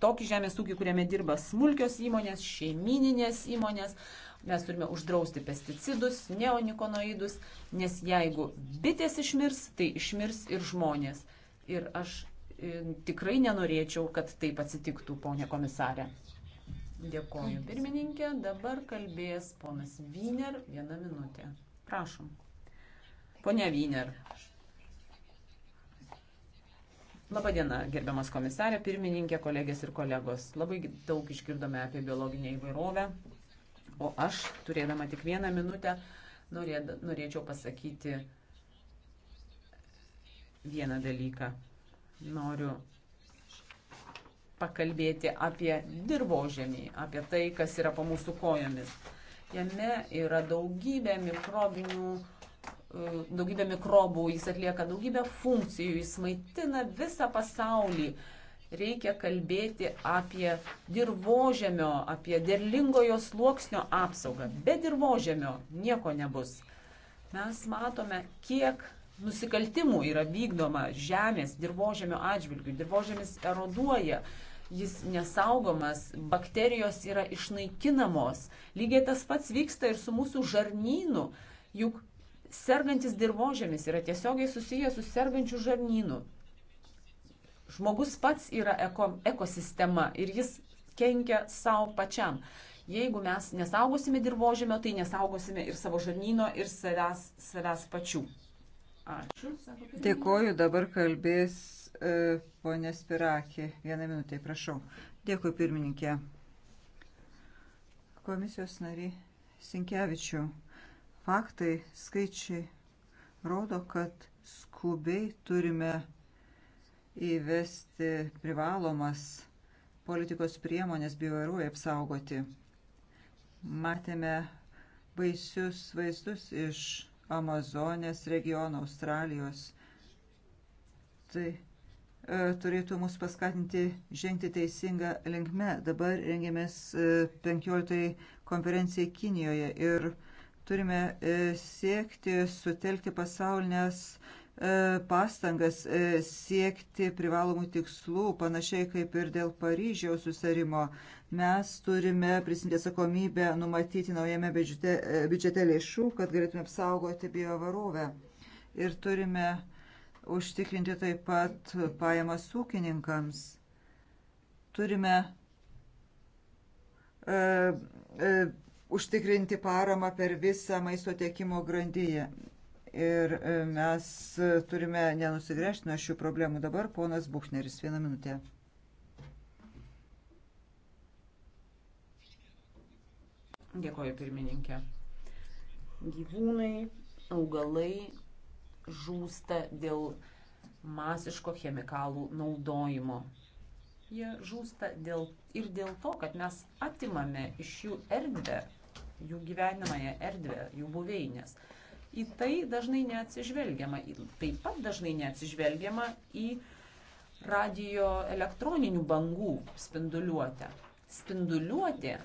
tokį žemės ūkį, kuriame dirba smulkios įmonės, šeimininės įmonės. Mes turime uždrausti pesticidus, neonikonoidus, nes jeigu bitės išmirs, tai išmirs ir žmonės. Ir aš e, tikrai nenorėčiau, kad taip atsitiktų, ponė komisarė. Dėkoju, pirmininkė. Dabar kalbės ponas Vyner. Vieną minutę. Prašom. Pone Vyner. Labadiena, gerbiamas komisarė, pirmininkė, kolegės ir kolegos. Labai daug išgirdome apie biologinę įvairovę, o aš, turėdama tik vieną minutę, norėd, norėčiau pasakyti vieną dalyką. Noriu pakalbėti apie dirbožemį, apie tai, kas yra po mūsų kojomis. Jame yra daugybė mikrobinių, e, daugybė mikrobų, jis atlieka daugybę funkcijų, jis maitina visą pasaulį reikia kalbėti apie dirbožėmio, apie derlingojo sluoksnio apsaugą. Be dirbožėmio nieko nebus. Mes matome, kiek nusikaltimų yra vykdoma žemės, dirbožėmio atžvilgių. Dirbožėmis eroduoja, jis nesaugomas, bakterijos yra išnaikinamos. Lygiai tas pats vyksta ir su mūsų žarnynu. Juk sergantis dirbožėmis yra tiesiogiai susijęs su sergančiu žarnynu. Žmogus pats yra eko, ekosistema ir jis kenkia savo pačiam. Jeigu mes nesaugosime dirbožėmio, tai nesaugosime ir savo žarnyno, ir savęs, savęs pačių. Ačiū. Dėkoju, dabar kalbės e, ponė Spirakė. Vieną minutę, prašau. Dėkui, pirmininkė. Komisijos nariai Sinkevičių. Faktai, skaičiai rodo, kad skubiai turime įvesti privalomas politikos priemonės biovarui apsaugoti. Matėme baisius vaizdus iš Amazonės regiono Australijos. Tai e, turėtų mus paskatinti žengti teisingą linkmę. Dabar rengiamės 15 e, konferencijai Kinijoje ir turime e, siekti sutelkti pasaulinės E, pastangas e, siekti privalomų tikslų, panašiai kaip ir dėl Paryžiaus susarimo. Mes turime prisimti atsakomybę numatyti naujame biudžete, e, biudžete lėšų, kad galėtume apsaugoti biovarovę. Ir turime užtikrinti taip pat pajamas ūkininkams. Turime e, e, užtikrinti paramą per visą maisto tiekimo grandyje, ir e, mes turime nenusigręžti nuo šių problemų. Dabar ponas Buchneris, vieną minutę. Dėkoju pirmininkė. Gyvūnai, augalai žūsta dėl masiško chemikalų naudojimo. Jie žūsta dėl, ir dėl to, kad mes atimame iš jų erdvę, jų gyvenamąją erdvę, jų buveinės į tai dažnai neatsižvelgiama. Taip pat dažnai neatsižvelgiama į radio elektroninių bangų spinduliuotę. Spinduliuotė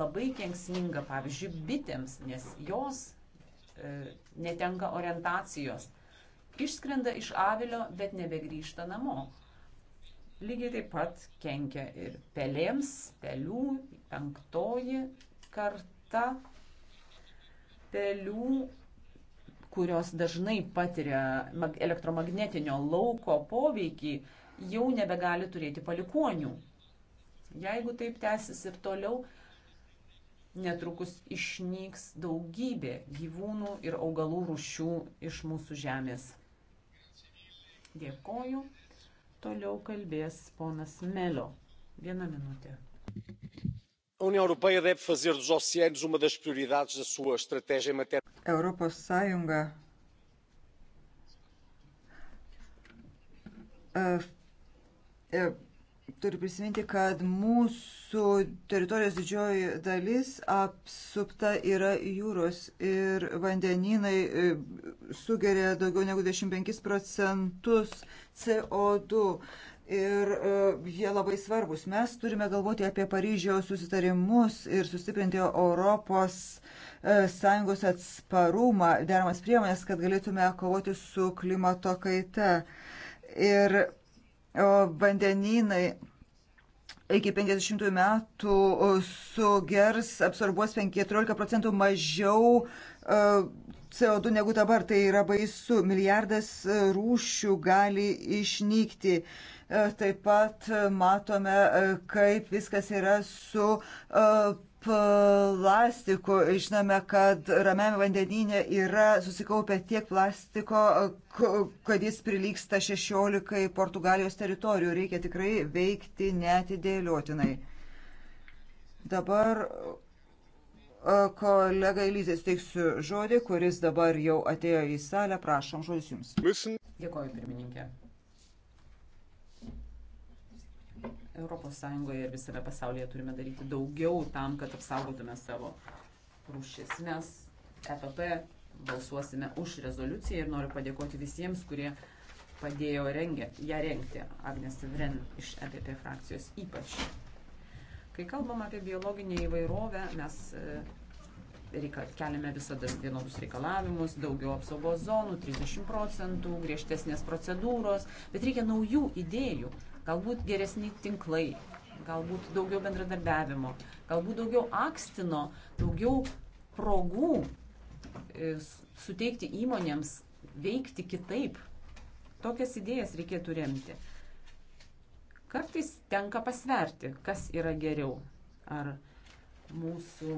labai kenksminga, pavyzdžiui, bitėms, nes jos e, netenka orientacijos. Išskrenda iš avilio, bet nebegrįžta namo. Lygiai taip pat kenkia ir pelėms, pelių, penktoji karta pelių kurios dažnai patiria elektromagnetinio lauko poveikį, jau nebegali turėti palikonių. Jeigu taip tęsis ir toliau, netrukus išnyks daugybė gyvūnų ir augalų rušių iš mūsų žemės. Dėkoju. Toliau kalbės ponas Melio. Vieną minutę. Europos Sąjunga turi prisiminti, kad mūsų teritorijos didžioji dalis apsupta yra jūros e ir vandeninai eh, sugeria daugiau negu 25 procentus CO2 ir uh, jie labai svarbus. Mes turime galvoti apie Paryžiaus susitarimus ir sustiprinti Europos uh, Sąjungos atsparumą, deramas priemonės, kad galėtume kovoti su klimato kaita. Ir uh, vandenynai iki 50 metų sugers, absorbuos 14 procentų mažiau e, CO2 negu dabar. Tai yra baisu. Milijardas rūšių gali išnykti. E, taip pat matome, e, kaip viskas yra su e, plastiku. Žinome, kad ramiame vandenyne yra susikaupę tiek plastiko, kad jis prilyksta 16 Portugalijos teritorijų. Reikia tikrai veikti netidėliotinai. Dabar kolegai Lyzės teiksiu žodį, kuris dabar jau atėjo į salę. Prašom, žodis jums. Dėkoju, pirmininkė. Europos Sąjungoje ir visame pasaulyje turime daryti daugiau tam, kad apsaugotume savo rūšis. Mes EPP balsuosime už rezoliuciją ir noriu padėkoti visiems, kurie padėjo rengė, ją rengti. Agnes Vren iš EPP frakcijos ypač. Kai kalbam apie biologinę įvairovę, mes e, reika, keliame visada vienodus reikalavimus, daugiau apsaugos zonų, 30 procentų, griežtesnės procedūros, bet reikia naujų idėjų galbūt geresni tinklai, galbūt daugiau bendradarbiavimo, galbūt daugiau akstino, daugiau progų e, suteikti įmonėms veikti kitaip. Tokias idėjas reikėtų remti. Kartais tenka pasverti, kas yra geriau. Ar mūsų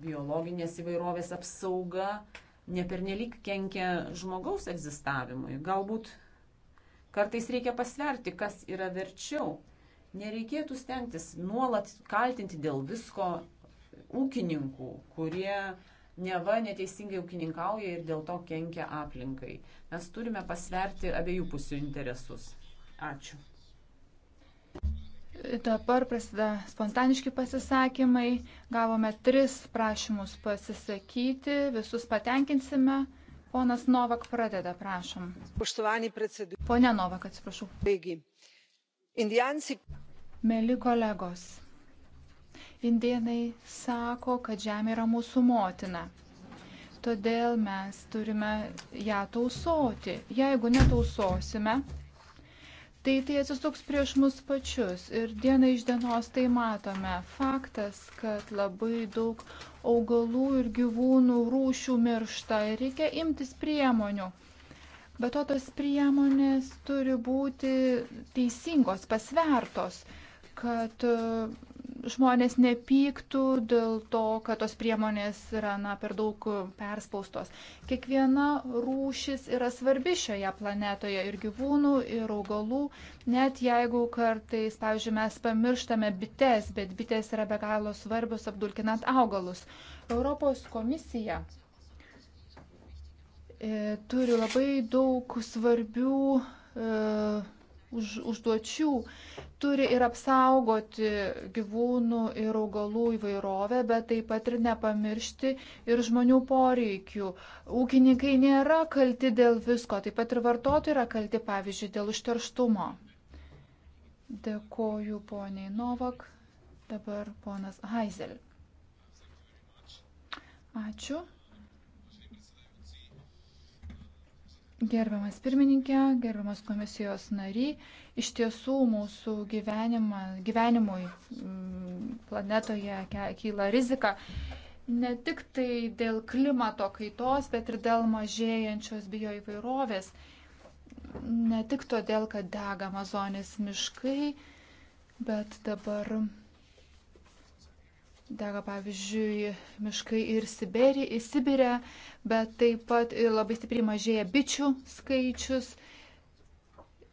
biologinės įvairovės apsauga nepernelyg kenkia žmogaus egzistavimui. Galbūt Kartais reikia pasverti, kas yra verčiau. Nereikėtų stengtis nuolat kaltinti dėl visko ūkininkų, kurie neva neteisingai ūkininkauja ir dėl to kenkia aplinkai. Mes turime pasverti abiejų pusių interesus. Ačiū. Dabar prasideda spontaniški pasisakymai. Gavome tris prašymus pasisakyti, visus patenkinsime. Ponas Novak pradeda, prašom. Pone Novak, atsiprašau. Mėly kolegos, indienai sako, kad žemė yra mūsų motina. Todėl mes turime ją tausoti. Jeigu netausosime, tai tai atsisuks prieš mus pačius. Ir dieną iš dienos tai matome. Faktas, kad labai daug augalų ir gyvūnų rūšių miršta ir reikia imtis priemonių. Bet to tas priemonės turi būti teisingos, pasvertos, kad žmonės nepyktų dėl to, kad tos priemonės yra na, per daug perspaustos. Kiekviena rūšis yra svarbi šioje planetoje ir gyvūnų, ir augalų, net jeigu kartais, pavyzdžiui, mes pamirštame bites, bet bites yra be galo svarbios apdulkinant augalus. Europos komisija e, turi labai daug svarbių e, už, užduočių turi ir apsaugoti gyvūnų ir augalų įvairovę, bet taip pat ir nepamiršti ir žmonių poreikių. Ūkininkai nėra kalti dėl visko, taip pat ir vartotojai yra kalti, pavyzdžiui, dėl užterštumo. Dėkoju poniai Novak, dabar ponas Heisel. Ačiū. Gerbiamas pirmininkė, gerbiamas komisijos nariai, iš tiesų mūsų gyvenimą, gyvenimui mm, planetoje kyla rizika ne tik tai dėl klimato kaitos, bet ir dėl mažėjančios bioįvairovės. Ne tik todėl, kad dega Amazonės miškai, bet dabar dega pavyzdžiui miškai ir Sibirė, į Sibirę, bet taip pat labai stipriai mažėja bičių skaičius.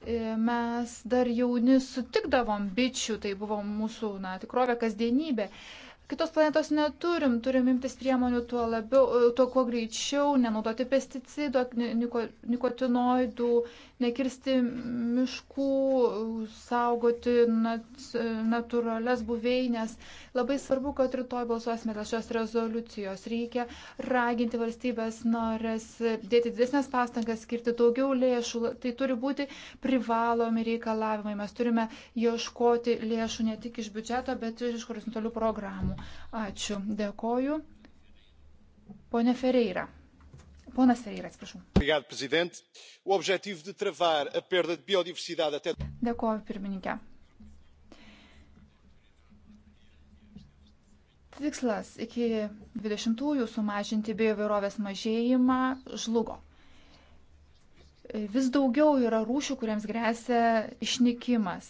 E, mes dar jauni sutikdavom bičių, tai buvo mūsų na, tikrovė kasdienybė. Kitos planetos neturim, turim imtis priemonių tuo labiau, tuo kuo greičiau, nenaudoti pesticidų, niko, nikotinoidų, nekirsti miškų, saugoti nat, natūrales buveinės. Labai svarbu, kad rytoj balsuosime dėl šios rezoliucijos. Reikia raginti valstybės norės dėti didesnės pastangas, skirti daugiau lėšų. Tai turi būti privalomi reikalavimai. Mes turime ieškoti lėšų ne tik iš biudžeto, bet ir iš horizontalių programų. Ačiū. Dėkoju. Pone Fereira. Ponas Ferreira, atsiprašau. Dėkuoju, pirmininkė. Tikslas iki 20-ųjų sumažinti bioįvairovės mažėjimą žlugo. Vis daugiau yra rūšių, kuriems grėsia išnykimas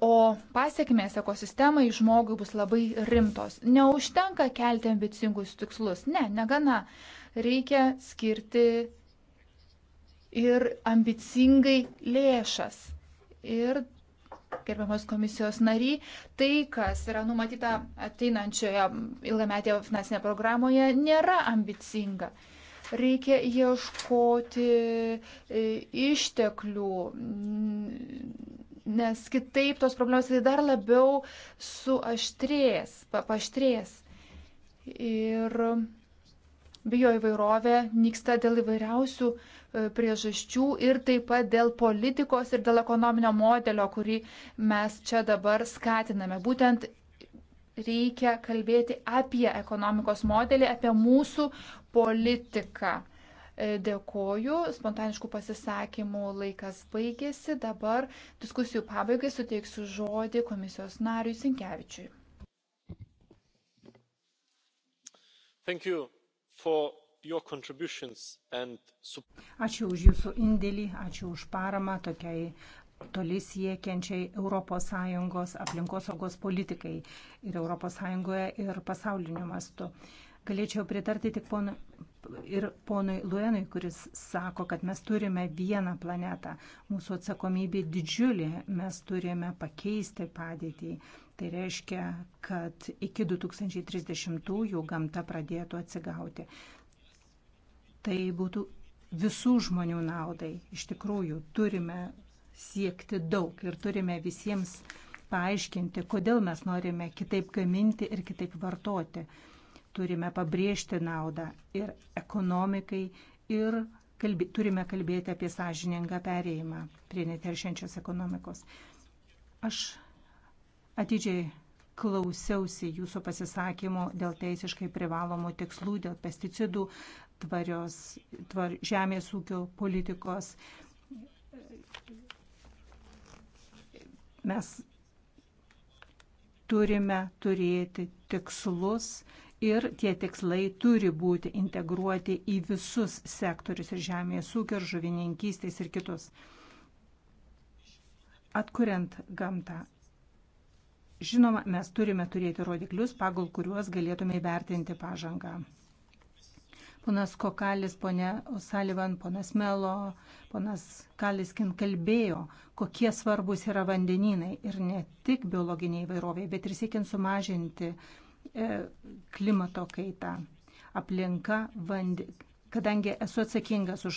o pasiekmės ekosistemai žmogui bus labai rimtos. Neužtenka kelti ambicingus tikslus. Ne, negana. Reikia skirti ir ambicingai lėšas. Ir, gerbiamas komisijos nary, tai, kas yra numatyta ateinančioje ilgametėje finansinėje programoje, nėra ambicinga reikia ieškoti e, išteklių, nes kitaip tos problemos tai dar labiau suaštrės, pa paštrės. Ir bio įvairovė nyksta dėl įvairiausių e, priežasčių ir taip pat dėl politikos ir dėl ekonominio modelio, kurį mes čia dabar skatiname. Būtent reikia kalbėti apie ekonomikos modelį, apie mūsų politiką. E, dėkoju, spontaniškų pasisakymų laikas baigėsi, dabar diskusijų pabaigai suteiksiu žodį komisijos nariui Sinkevičiui. And... Ačiū už Jūsų indėlį, ačiū už paramą tokiai toli siekiančiai ES aplinkosaugos politikai ir ES ir pasauliniu mastu. Galėčiau pritarti tik pono ir ponui Luenui, kuris sako, kad mes turime vieną planetą. Mūsų atsakomybė didžiulė, mes turime pakeisti padėtį. Tai reiškia, kad iki 2030-ųjų gamta pradėtų atsigauti. Tai būtų visų žmonių naudai. Iš tikrųjų, turime siekti daug ir turime visiems paaiškinti, kodėl mes norime kitaip gaminti ir kitaip vartoti turime pabrėžti naudą ir ekonomikai, ir kalbė, turime kalbėti apie sąžiningą perėjimą prie neteršiančios ekonomikos. Aš atidžiai klausiausi jūsų pasisakymų dėl teisiškai privalomų tikslų, dėl pesticidų, tvarios, tvar, žemės ūkio politikos. Mes turime turėti tikslus, ir tie tikslai turi būti integruoti į visus sektorius ir žemės ūkio, ir žuvininkystės ir kitus. Atkuriant gamtą. Žinoma, mes turime turėti rodiklius, pagal kuriuos galėtume įvertinti pažangą. Ponas Kokalis, ponė Salivan, ponas Melo, ponas Kaliskin kalbėjo, kokie svarbus yra vandeninai ir ne tik biologiniai įvairoviai, bet ir siekiant sumažinti uh, E, klimato kaitą, aplinka, vandė, kadangi esu atsakingas už